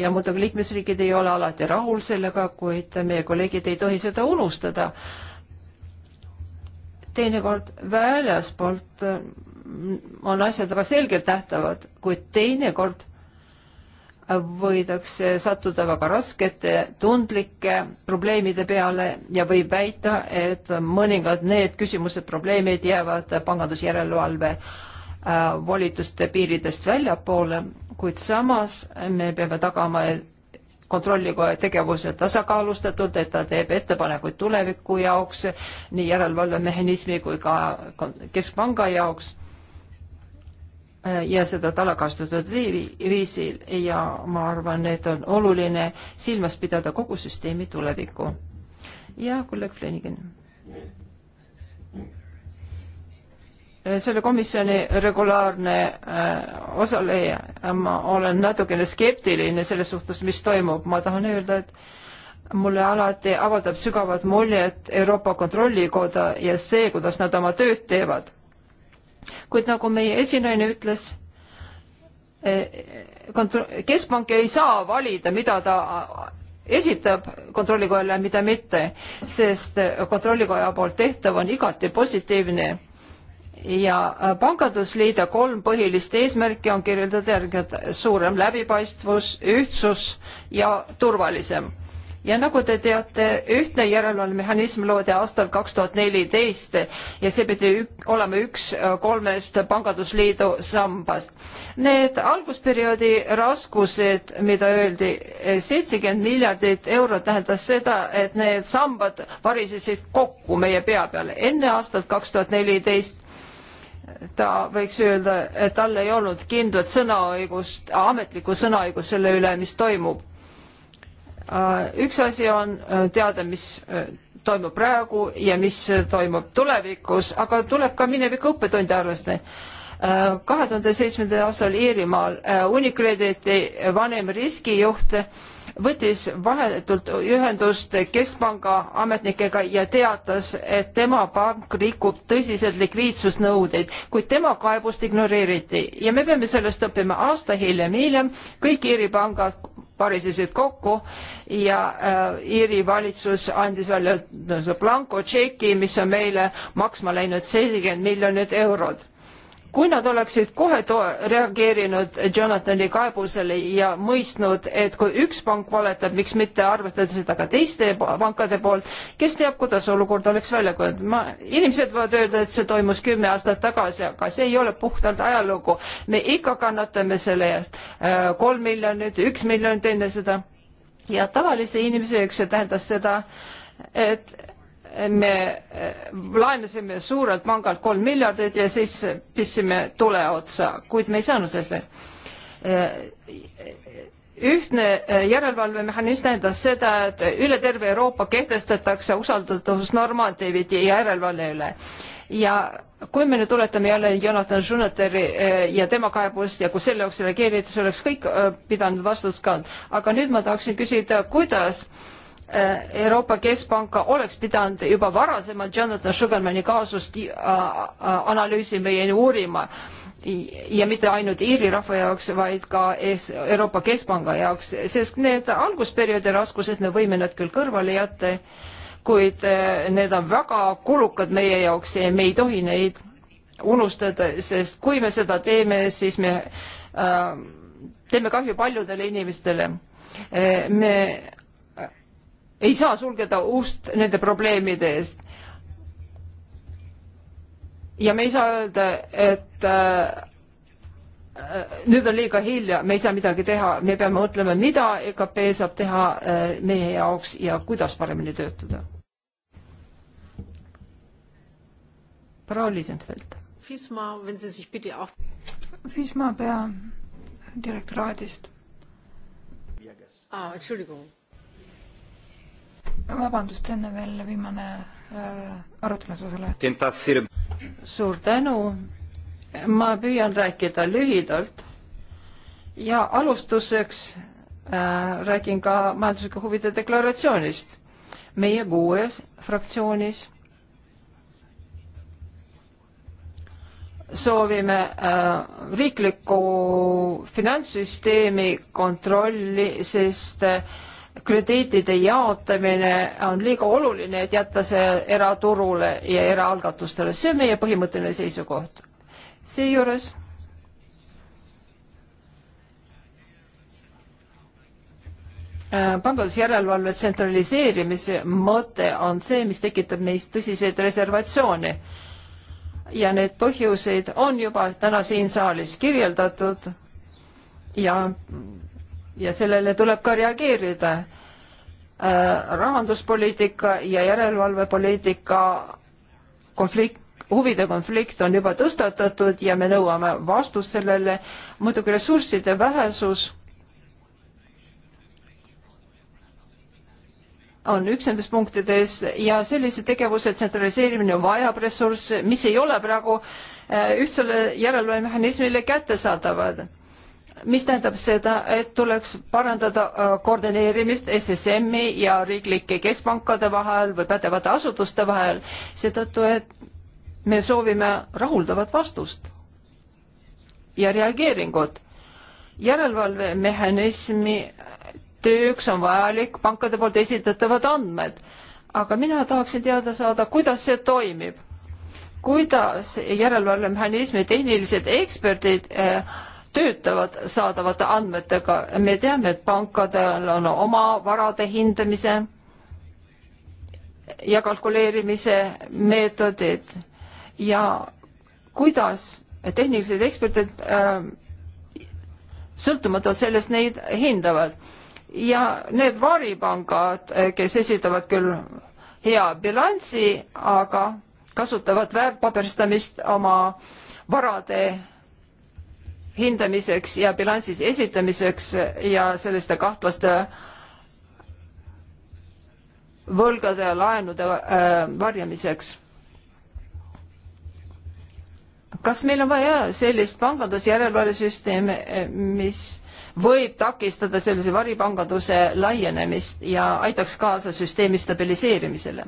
ja muidugi liikmesriigid ei ole alati rahul sellega, kuid meie kolleegid ei tohi seda unustada. teinekord väljaspoolt äh, on asjad väga selgelt nähtavad, kuid teinekord võidakse sattuda väga raskete tundlike probleemide peale ja võib väita, et mõningad need küsimused, probleemid jäävad pangandusjärelevalve äh, volituste piiridest väljapoole, kuid samas me peame tagama kontrollikoja tegevuse tasakaalustatult, et ta teeb ettepanekuid tuleviku jaoks, nii järelevalvemehhanismi kui ka keskpanga jaoks Äh, ja seda talakasutatud viisil ja ma arvan, et on oluline silmas pidada kogu süsteemi tulevikku. ja kolleeg Flanagan. Äh, selle komisjoni regulaarne äh, osaleja, äh, ma olen natukene skeptiline selles suhtes, mis toimub, ma tahan öelda, et mulle alati avaldab sügavat muljet Euroopa Kontrollikoda ja see, kuidas nad oma tööd teevad kuid nagu meie esinaine ütles, eh, eh, keskpank ei saa valida, mida ta esitab kontrollikojale, mida mitte, sest kontrollikoja poolt tehtav on igati positiivne ja pangandusliidu kolm põhilist eesmärki on kirjeldada järgnevad suurem läbipaistvus, ühtsus ja turvalisem ja nagu te teate, ühtne järelevalvemehhanism loodi aastal kaks tuhat neliteist ja see pidi ük, olema üks äh, kolmest pangandusliidu sambast. Need algusperioodi raskused, mida öeldi, eh, seitsekümmend miljardit eurot tähendas seda, et need sambad varisesid kokku meie pea peal. enne aastat kaks tuhat neliteist ta võiks öelda, et tal ei olnud kindlat sõnaõigust, ametlikku sõnaõigust selle üle, mis toimub Äh, üks asi on äh, teada, mis äh, toimub praegu ja mis toimub tulevikus, aga tuleb ka mineviku õppetunde arvestada. kahe tuhande seitsmendal aastal Iirimaal Unicrediti vanem riskijuht võttis vahetult ühendust keskpanga ametnikega ja teatas, et tema pank rikub tõsiselt likviidsusnõudeid, kuid tema kaebust ignoreeriti ja me peame sellest õppima aasta hiljem, hiljem kõik Iiri pangad parisesid kokku ja äh, Iiri valitsus andis välja no, blanko tšeki, mis on meile maksma läinud seitsekümmend miljonit eurot kui nad oleksid kohe reageerinud Jonathani kaebusele ja mõistnud, et kui üks pank valetab, miks mitte arvestada seda ka teiste pankade poolt, kes teab, kuidas olukord oleks välja kujunenud. ma, inimesed võivad öelda, et see toimus kümme aastat tagasi, aga see ei ole puhtalt ajalugu. me ikka kannatame selle eest äh, kolm miljonit, üks miljonit enne seda ja tavalise inimese jaoks see tähendas seda, et me laenasime suurelt pangalt kolm miljardit ja siis pistsime tule otsa, kuid me ei saanud sellest. ühtne järelevalvemehhanism tähendas seda, et üle terve Euroopa kehtestatakse usaldatavusnormatiivid järelevalve üle ja kui me nüüd tuletame jälle Jonathan Schunateri eh, ja tema kaebust ja kui selle jaoks reageerida, siis oleks kõik eh, pidanud vastust ka, aga nüüd ma tahaksin küsida, kuidas äh, Äh, Euroopa Keskpanka oleks pidanud juba varasemalt Jonathan Sugarmani kaasust äh, äh, analüüsima ja uurima ja mitte ainult Iiri rahva jaoks, vaid ka Euroopa Keskpanga jaoks, sest need algusperioodi raskused, me võime nad küll kõrvale jätta, kuid need on väga kulukad meie jaoks ja me ei tohi neid unustada, sest kui me seda teeme, siis me äh, teeme kahju paljudele inimestele. me ei saa sulgeda ust nende probleemide eest. ja me ei saa öelda, et äh, nüüd on liiga hilja, me ei saa midagi teha, me peame mõtlema, mida EKP saab teha äh, meie jaoks ja kuidas paremini töötada. proua Liisentfeld. FISMA, wenn Sie sich bitte auch. FISMA peadirektoraadist. Ah, Entschuldigung vabandust, enne veel viimane äh, arutelus osaleja. suur tänu. ma püüan rääkida lühidalt ja alustuseks äh, räägin ka majanduslike huvide deklaratsioonist. meie kuues fraktsioonis soovime äh, riiklikku finantssüsteemi kontrolli, sest äh, krediitide jaotamine on liiga oluline, et jätta see eraturule ja eraalgatustele, see on meie põhimõtteline seisukoht. seejuures äh, pangandusjärelevalve tsentraliseerimise mõte on see, mis tekitab neis tõsiseid reservatsioone. ja need põhjuseid on juba täna siin saalis kirjeldatud ja ja sellele tuleb ka reageerida. Äh, rahanduspoliitika ja järelevalvepoliitika konflikt, huvide konflikt on juba tõstatatud ja me nõuame vastust sellele. muidugi ressursside vähesus on üks nendest punktidest ja sellise tegevuse tsentraliseerimine vajab ressursse, mis ei ole praegu äh, ühtsele järelevalvemehhanismile kättesaadavad mis tähendab seda, et tuleks parandada äh, koordineerimist SSM-i ja riiklike keskpankade vahel või pädevate asutuste vahel, seetõttu et me soovime rahuldavat vastust ja reageeringut. järelevalvemehhanismi tööks on vajalik pankade poolt esitatavad andmed, aga mina tahaksin teada saada, kuidas see toimib. kuidas järelevalvemehhanismi tehnilised eksperdid äh, töötavad saadavate andmetega. me teame, et pankadel on oma varade hindamise ja kalkuleerimise meetodid ja kuidas tehnilised eksperdid äh, sõltumatult sellest neid hindavad. ja need varipangad, äh, kes esitavad küll hea bilansi, aga kasutavad väärtpaberistamist oma varade hindamiseks ja bilansis esitamiseks ja selliste kahtlaste võlgade ja laenude äh, varjamiseks. kas meil on vaja sellist pangandusjärelevalvesüsteemi, äh, mis võib takistada sellise varipanganduse laienemist ja aitaks kaasa süsteemi stabiliseerimisele?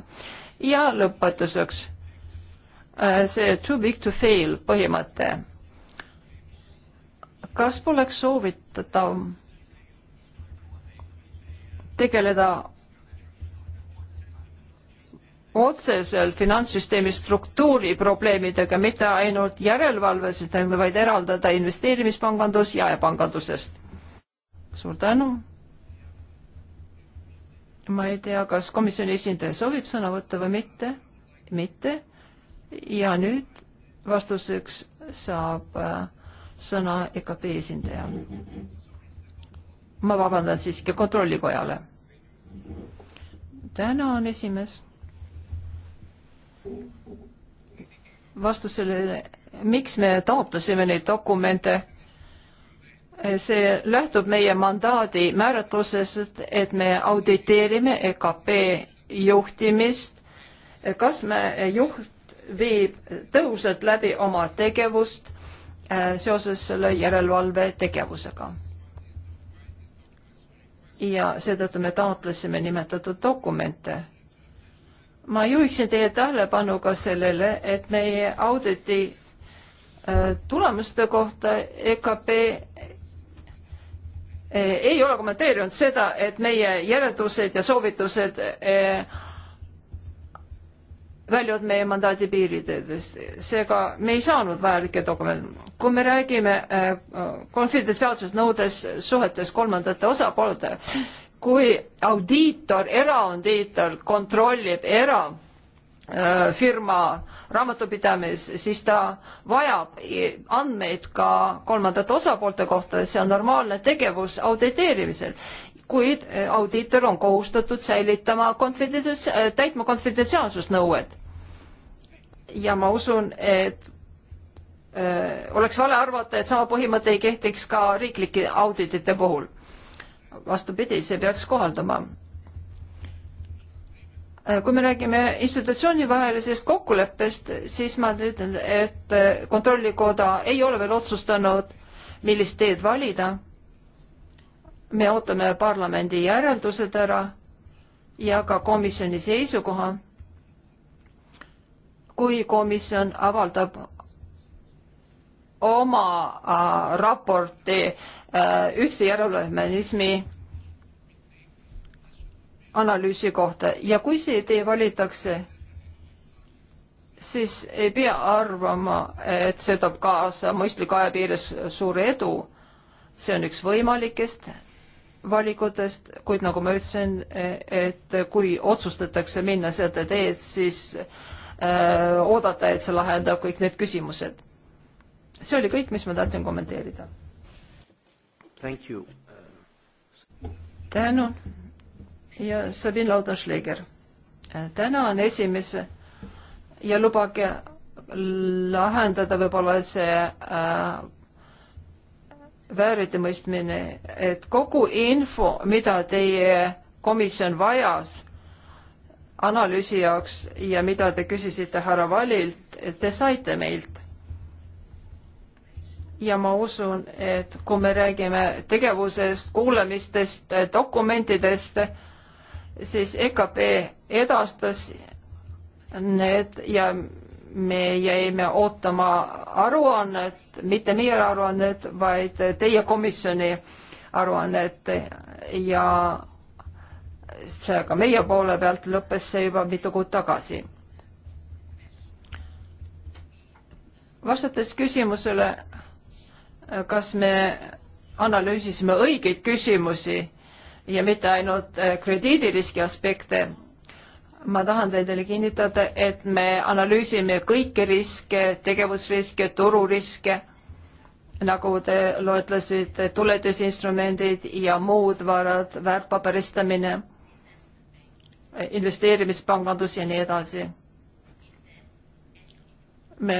ja lõpetuseks äh, see too big to fail põhimõte kas poleks soovitatav tegeleda otseselt finantssüsteemi struktuuri probleemidega, mitte ainult järelevalvesüsteemi, vaid eraldada investeerimispangandus jaepangandusest. suur tänu. ma ei tea, kas komisjoni esindaja soovib sõna võtta või mitte, mitte. ja nüüd vastuseks saab äh, sõna EKP esindaja. ma vabandan siiski Kontrollikojale. tänan, esimees. vastus sellele, miks me taotlesime neid dokumente see lähtub meie mandaadi määratlusest, et me auditeerime EKP juhtimist, kas me juht viib tõhusalt läbi oma tegevust Äh, seoses selle järelevalve tegevusega. ja seetõttu me taotlesime nimetatud dokumente. ma juhiksin teie tähelepanu ka sellele, et meie auditi äh, tulemuste kohta EKP äh, ei ole kommenteerinud seda, et meie järeldused ja soovitused väljuvad meie mandaadi piiridest. seega me ei saanud vajalikke dokumente. kui me räägime äh, konfidentsiaalsusnõudes suhetes kolmandate osapoolte, kui audiitor, eraaudiitor kontrollib era äh, firma raamatupidamis, siis ta vajab andmeid ka kolmandate osapoolte kohta, see on normaalne tegevus auditeerimisel kuid eh, audiitor on kohustatud säilitama konfidentsiaals-, eh, täitma konfidentsiaalsusnõuet. ja ma usun, et öö, eh, oleks vale arvata, et sama põhimõte ei kehtiks ka riiklike auditite puhul. vastupidi, see peaks kohalduma. kui me räägime institutsioonivahelisest kokkuleppest, siis ma ütlen, et Kontrollikoda ei ole veel otsustanud, millist teed valida me ootame parlamendi järeldused ära ja ka komisjoni seisukoha. kui komisjon avaldab oma äh, raporti äh, ühtse järelevalvemehhanismi analüüsi kohta ja kui see idee valitakse, siis ei pea arvama, et see toob kaasa mõistliku aja piires suure edu. see on üks võimalikest valikutest, kuid nagu ma ütlesin, et kui otsustatakse minna seda teed, siis öö, äh, oodata, et see lahendab kõik need küsimused. see oli kõik, mis ma tahtsin kommenteerida. tänu ja Sabin Laudaschläger. tänan esimese ja lubage lahendada võib-olla see äh, vääritimõistmine, et kogu info, mida teie komisjon vajas analüüsi jaoks ja mida te küsisite härra Valilt, te saite meilt. ja ma usun, et kui me räägime tegevusest, kuulamistest, dokumentidest, siis EKP edastas need ja me jäime ootama aruannet, mitte meie aruannet, vaid teie komisjoni aruannet ja seega meie poole pealt lõppes see juba mitu kuud tagasi. vastates küsimusele, kas me analüüsisime õigeid küsimusi ja mitte ainult eh, krediidiriski aspekte ma tahan teile kinnitada, et me analüüsime kõiki riske, tegevusriske, tururiske, nagu te loetlesite, tuletisinstrumendid ja muud varad, väärtpaberistamine, investeerimispangandus ja nii edasi. me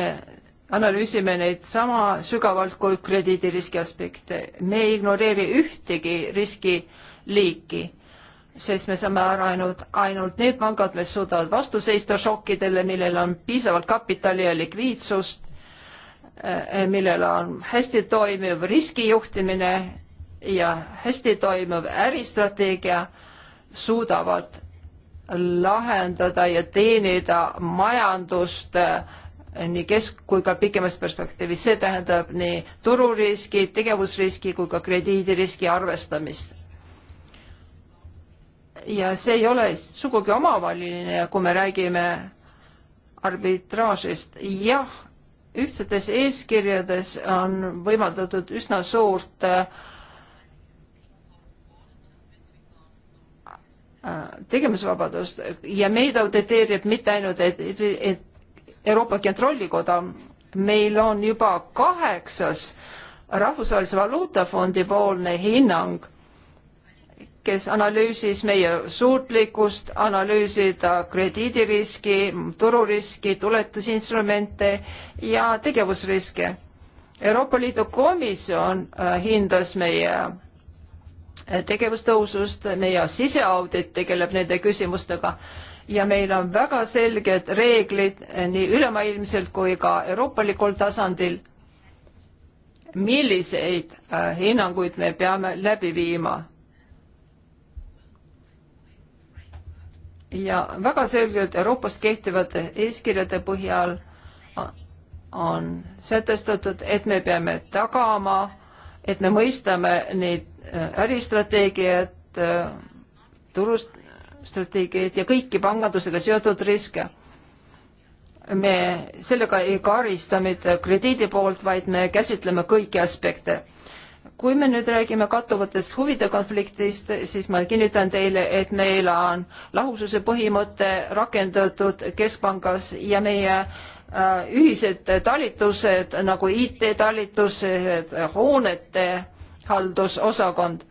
analüüsime neid sama sügavalt kui krediidiriski aspekte. me ei ignoreeri ühtegi riskiliiki sest me saame ära ainult, ainult need pangad, mis suudavad vastu seista šokkidele, millel on piisavalt kapitali ja likviidsust, eh, millel on hästi toimiv riskijuhtimine ja hästi toimiv äristrateegia, suudavad lahendada ja teenida majandust eh, nii kesk- kui ka pikemas perspektiivis, see tähendab nii tururiski, tegevusriski kui ka krediidiriski arvestamist ja see ei ole sugugi omavaheline, kui me räägime arbitraažist. jah, ühtsetes eeskirjades on võimaldatud üsna suurt äh, tegemisvabadust ja meid auditeerib mitte ainult et, et Euroopa Kontrollikoda, meil on juba kaheksas rahvusvahelise valuutafondi poolne hinnang kes analüüsis meie suutlikkust analüüsida krediidiriski, tururiski, tuletusinstrumente ja tegevusriske. Euroopa Liidu komisjon äh, hindas meie äh, tegevustõusust, meie siseaudit tegeleb nende küsimustega ja meil on väga selged reeglid äh, nii ülemaailmselt kui ka euroopalikul tasandil, milliseid hinnanguid me peame läbi viima ja väga selgelt Euroopas kehtivate eeskirjade põhjal on sätestatud, et me peame tagama, et me mõistame neid äh, äristrateegiat, äh, turustrateegiat ja kõiki pangandusega seotud riske. me sellega ei karista mitte krediidi poolt, vaid me käsitleme kõiki aspekte kui me nüüd räägime kattuvatest huvide konfliktist, siis ma kinnitan teile, et meil on lahususe põhimõte rakendatud Keskpangas ja meie äh, ühised talitused nagu IT-talitused, hoonete haldusosakond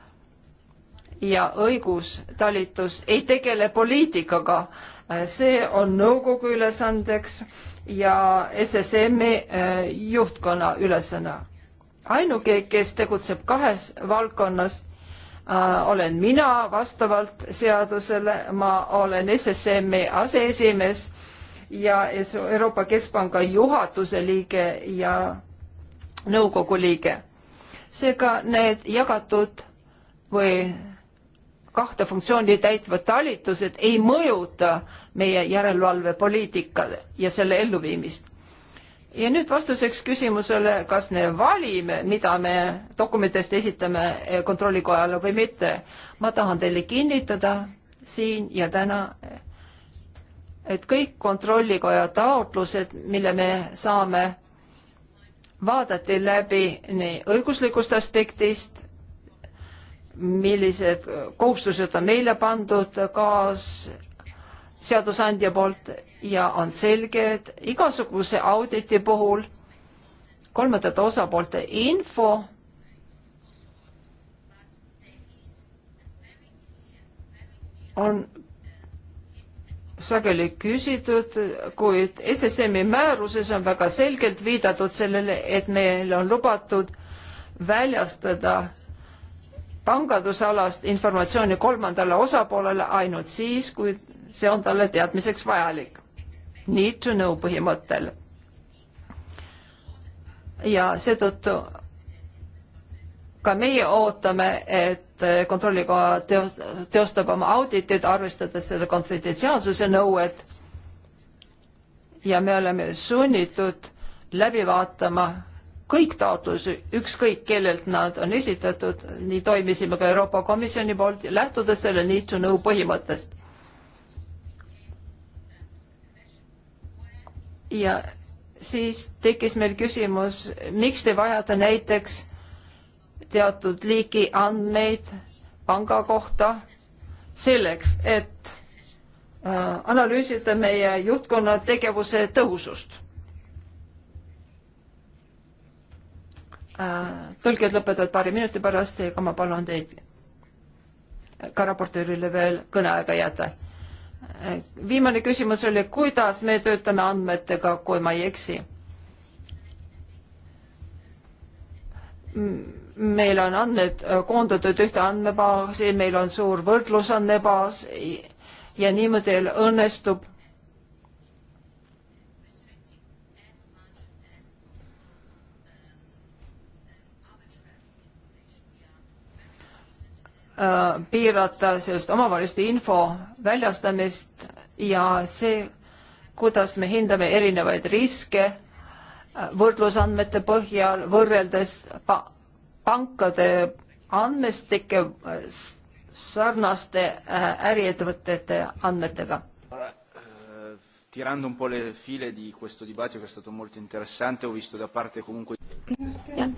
ja õigustalitus ei tegele poliitikaga. Äh, see on nõukogu ülesandeks ja SSM-i äh, juhtkonna ülesanne ainuke, kes tegutseb kahes valdkonnas äh,. olen mina vastavalt seadusele, ma olen SSM-i aseesimees ja Euroopa Keskpanga juhatuse liige ja nõukogu liige. seega need jagatud või kahte funktsiooni täitvad talitused ei mõjuta meie järelevalvepoliitika ja selle elluviimist ja nüüd vastuseks küsimusele, kas me valime, mida me dokumentidest esitame eh, kontrollikojale või mitte. ma tahan teile kinnitada siin ja täna, eh, et kõik kontrollikoja taotlused, mille me saame, vaadati läbi nii õiguslikust aspektist, millised kohustused on meile pandud, kas seadusandja poolt ja on selge, et igasuguse auditi puhul kolmandate osapoolte info on sageli küsitud, kuid SSM-i määruses on väga selgelt viidatud sellele, et meil on lubatud väljastada pangandusalast informatsiooni kolmandale osapoolele ainult siis, kui see on talle teadmiseks vajalik. Need to know põhimõttel. ja seetõttu ka meie ootame, et kontrollikoja teostab oma auditit, arvestades selle konfidentsiaalsuse nõuet. ja me oleme sunnitud läbi vaatama kõik taotlused, ükskõik kellelt nad on esitatud, nii toimisime ka Euroopa Komisjoni poolt, lähtudes selle need to know põhimõttest. ja siis tekkis meil küsimus, miks te vajate näiteks teatud liiki andmeid panga kohta selleks, et äh, analüüsida meie juhtkonna tegevuse tõhusust äh,. tõlked lõpetavad paari minuti pärast, seega ma palun teid ka raportöörile veel kõneaega jätta viimane küsimus oli, kuidas me töötame andmetega, kui ma ei eksi. meil on andmed äh, koondatud ühte andmebaasi, meil on suur võrdlusandmebaas ja niimoodi õnnestub Äh, piirata sellist omavaheliste info väljastamist ja see, kuidas me hindame erinevaid riske äh, võrdlusandmete põhjal, võrreldes pa pankade andmestike äh, sarnaste äriettevõtete andmetega. Tirando un po' le file di questo dibattito che è stato molto interessante, ho visto da parte comunque... Yeah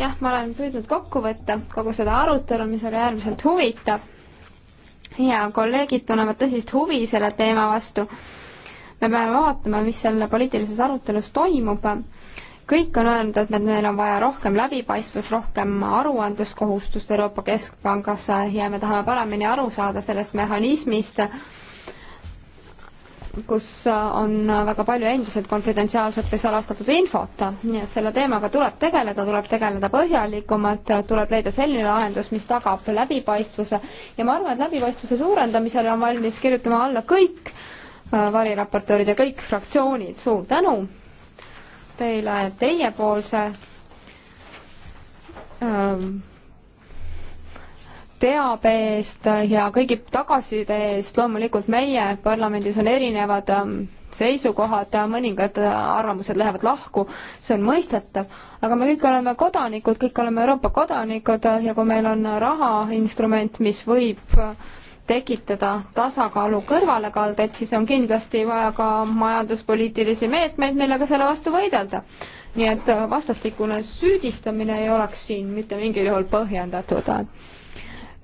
jah, ma olen püüdnud kokku võtta kogu seda arutelu, mis oli äärmiselt huvitav ja kolleegid tunnevad tõsist huvi selle teema vastu. me peame vaatama, mis seal poliitilises arutelus toimub. kõik on öelnud, et meil on vaja rohkem läbipaistvust, rohkem aruandluskohustust Euroopa Keskpangas ja me tahame paremini aru saada sellest mehhanismist, kus äh, on äh, väga palju endiselt konfidentsiaalset või salastatud infot. nii et selle teemaga tuleb tegeleda, tuleb tegeleda põhjalikumalt, äh, tuleb leida selline lahendus, mis tagab läbipaistvuse ja ma arvan, et läbipaistvuse suurendamisele on valmis kirjutama alla kõik variraportöörid ja kõik fraktsioonid, suur tänu teile teiepoolse ähm, teabe eest ja kõigi tagasiside eest, loomulikult meie parlamendis on erinevad ähm, seisukohad, mõningad äh, arvamused lähevad lahku, see on mõistetav, aga me kõik oleme kodanikud, kõik oleme Euroopa kodanikud ja kui meil on rahainstrument, mis võib äh, tekitada tasakaalu kõrvalekaldet, siis on kindlasti vaja ka majanduspoliitilisi meetmeid, millega selle vastu võidelda. nii et äh, vastastikune süüdistamine ei oleks siin mitte mingil juhul põhjendatud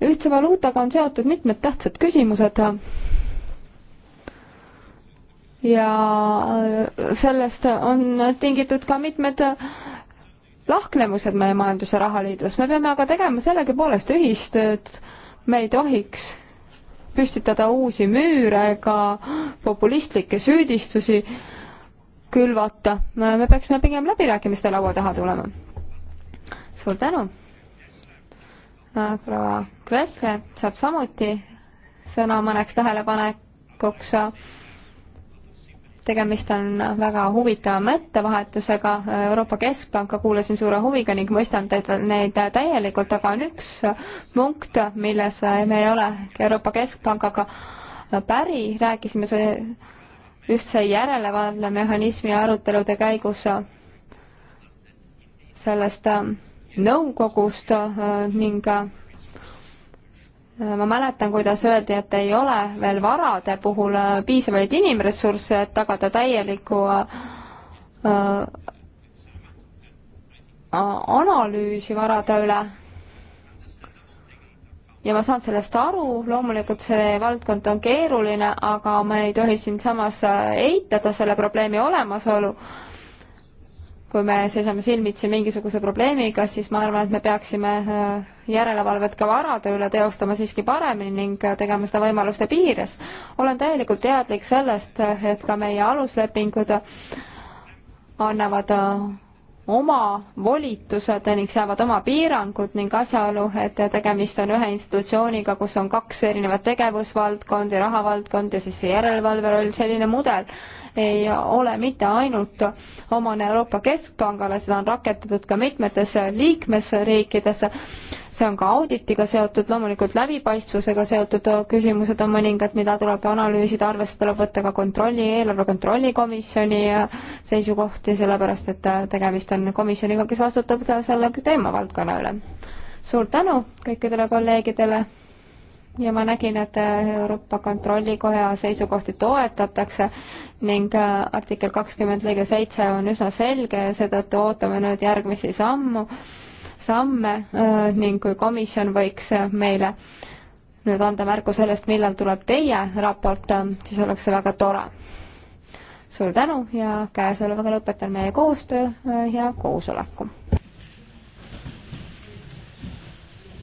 ühtse valuutaga on seotud mitmed tähtsad küsimused ja äh, sellest on tingitud ka mitmed äh, lahknevused meie majandus- ja rahaliidus. me peame aga tegema sellegipoolest ühistööd, me ei tohiks püstitada uusi müüre ega populistlikke süüdistusi külvata, me peaksime pigem läbirääkimiste laua taha tulema. suur tänu! Äh, proua Kressle saab samuti sõna mõneks tähelepanekuks. tegemist on väga huvitava mõttevahetusega, Euroopa Keskpanka kuulasin suure huviga ning mõistan teid neid täielikult, aga on üks punkt, milles me ei ole Euroopa Keskpangaga päri, rääkisime ühtse järelevalvemehhanismi arutelude käigus sellest nõukogust äh, ning äh, ma mäletan, kuidas öeldi, et ei ole veel varade puhul äh, piisavaid inimressursse, et tagada täielikku analüüsi varade üle ja ma saan sellest aru, loomulikult see valdkond on keeruline, aga me ei tohi siinsamas eitada selle probleemi olemasolu kui me seisame silmitsi mingisuguse probleemiga, siis ma arvan, et me peaksime äh, järelevalvet ka varade üle teostama siiski paremini ning äh, tegema seda võimaluste piires. olen täielikult teadlik sellest, äh, et ka meie aluslepingud annavad oma volitused ning seavad oma piirangud ning asjaolu, et tegemist on ühe institutsiooniga, kus on kaks erinevat tegevusvaldkondi, rahavaldkond ja siis järelevalve roll, selline mudel ei ole mitte ainult omane Euroopa Keskpangale, seda on rakendatud ka mitmetes liikmesriikides. see on ka auditiga seotud, loomulikult läbipaistvusega seotud küsimused on mõningad, mida tuleb analüüsida, arvesse tuleb võtta ka kontrolli, eelarve kontrolli komisjoni seisukohti, sellepärast et tegemist on komisjoniga, kes vastutab selle teemavaldkonna üle. suur tänu kõikidele kolleegidele ja ma nägin, et äh, Euroopa Kontrollikoja seisukohti toetatakse ning äh, artikkel kakskümmend lõige seitse on üsna selge ja seetõttu ootame nüüd järgmisi sammu, samme äh, ning kui komisjon võiks meile nüüd anda märku sellest, millal tuleb teie raport, siis oleks see väga tore. suur tänu ja käesolevaga lõpetan meie koostöö ja koosoleku.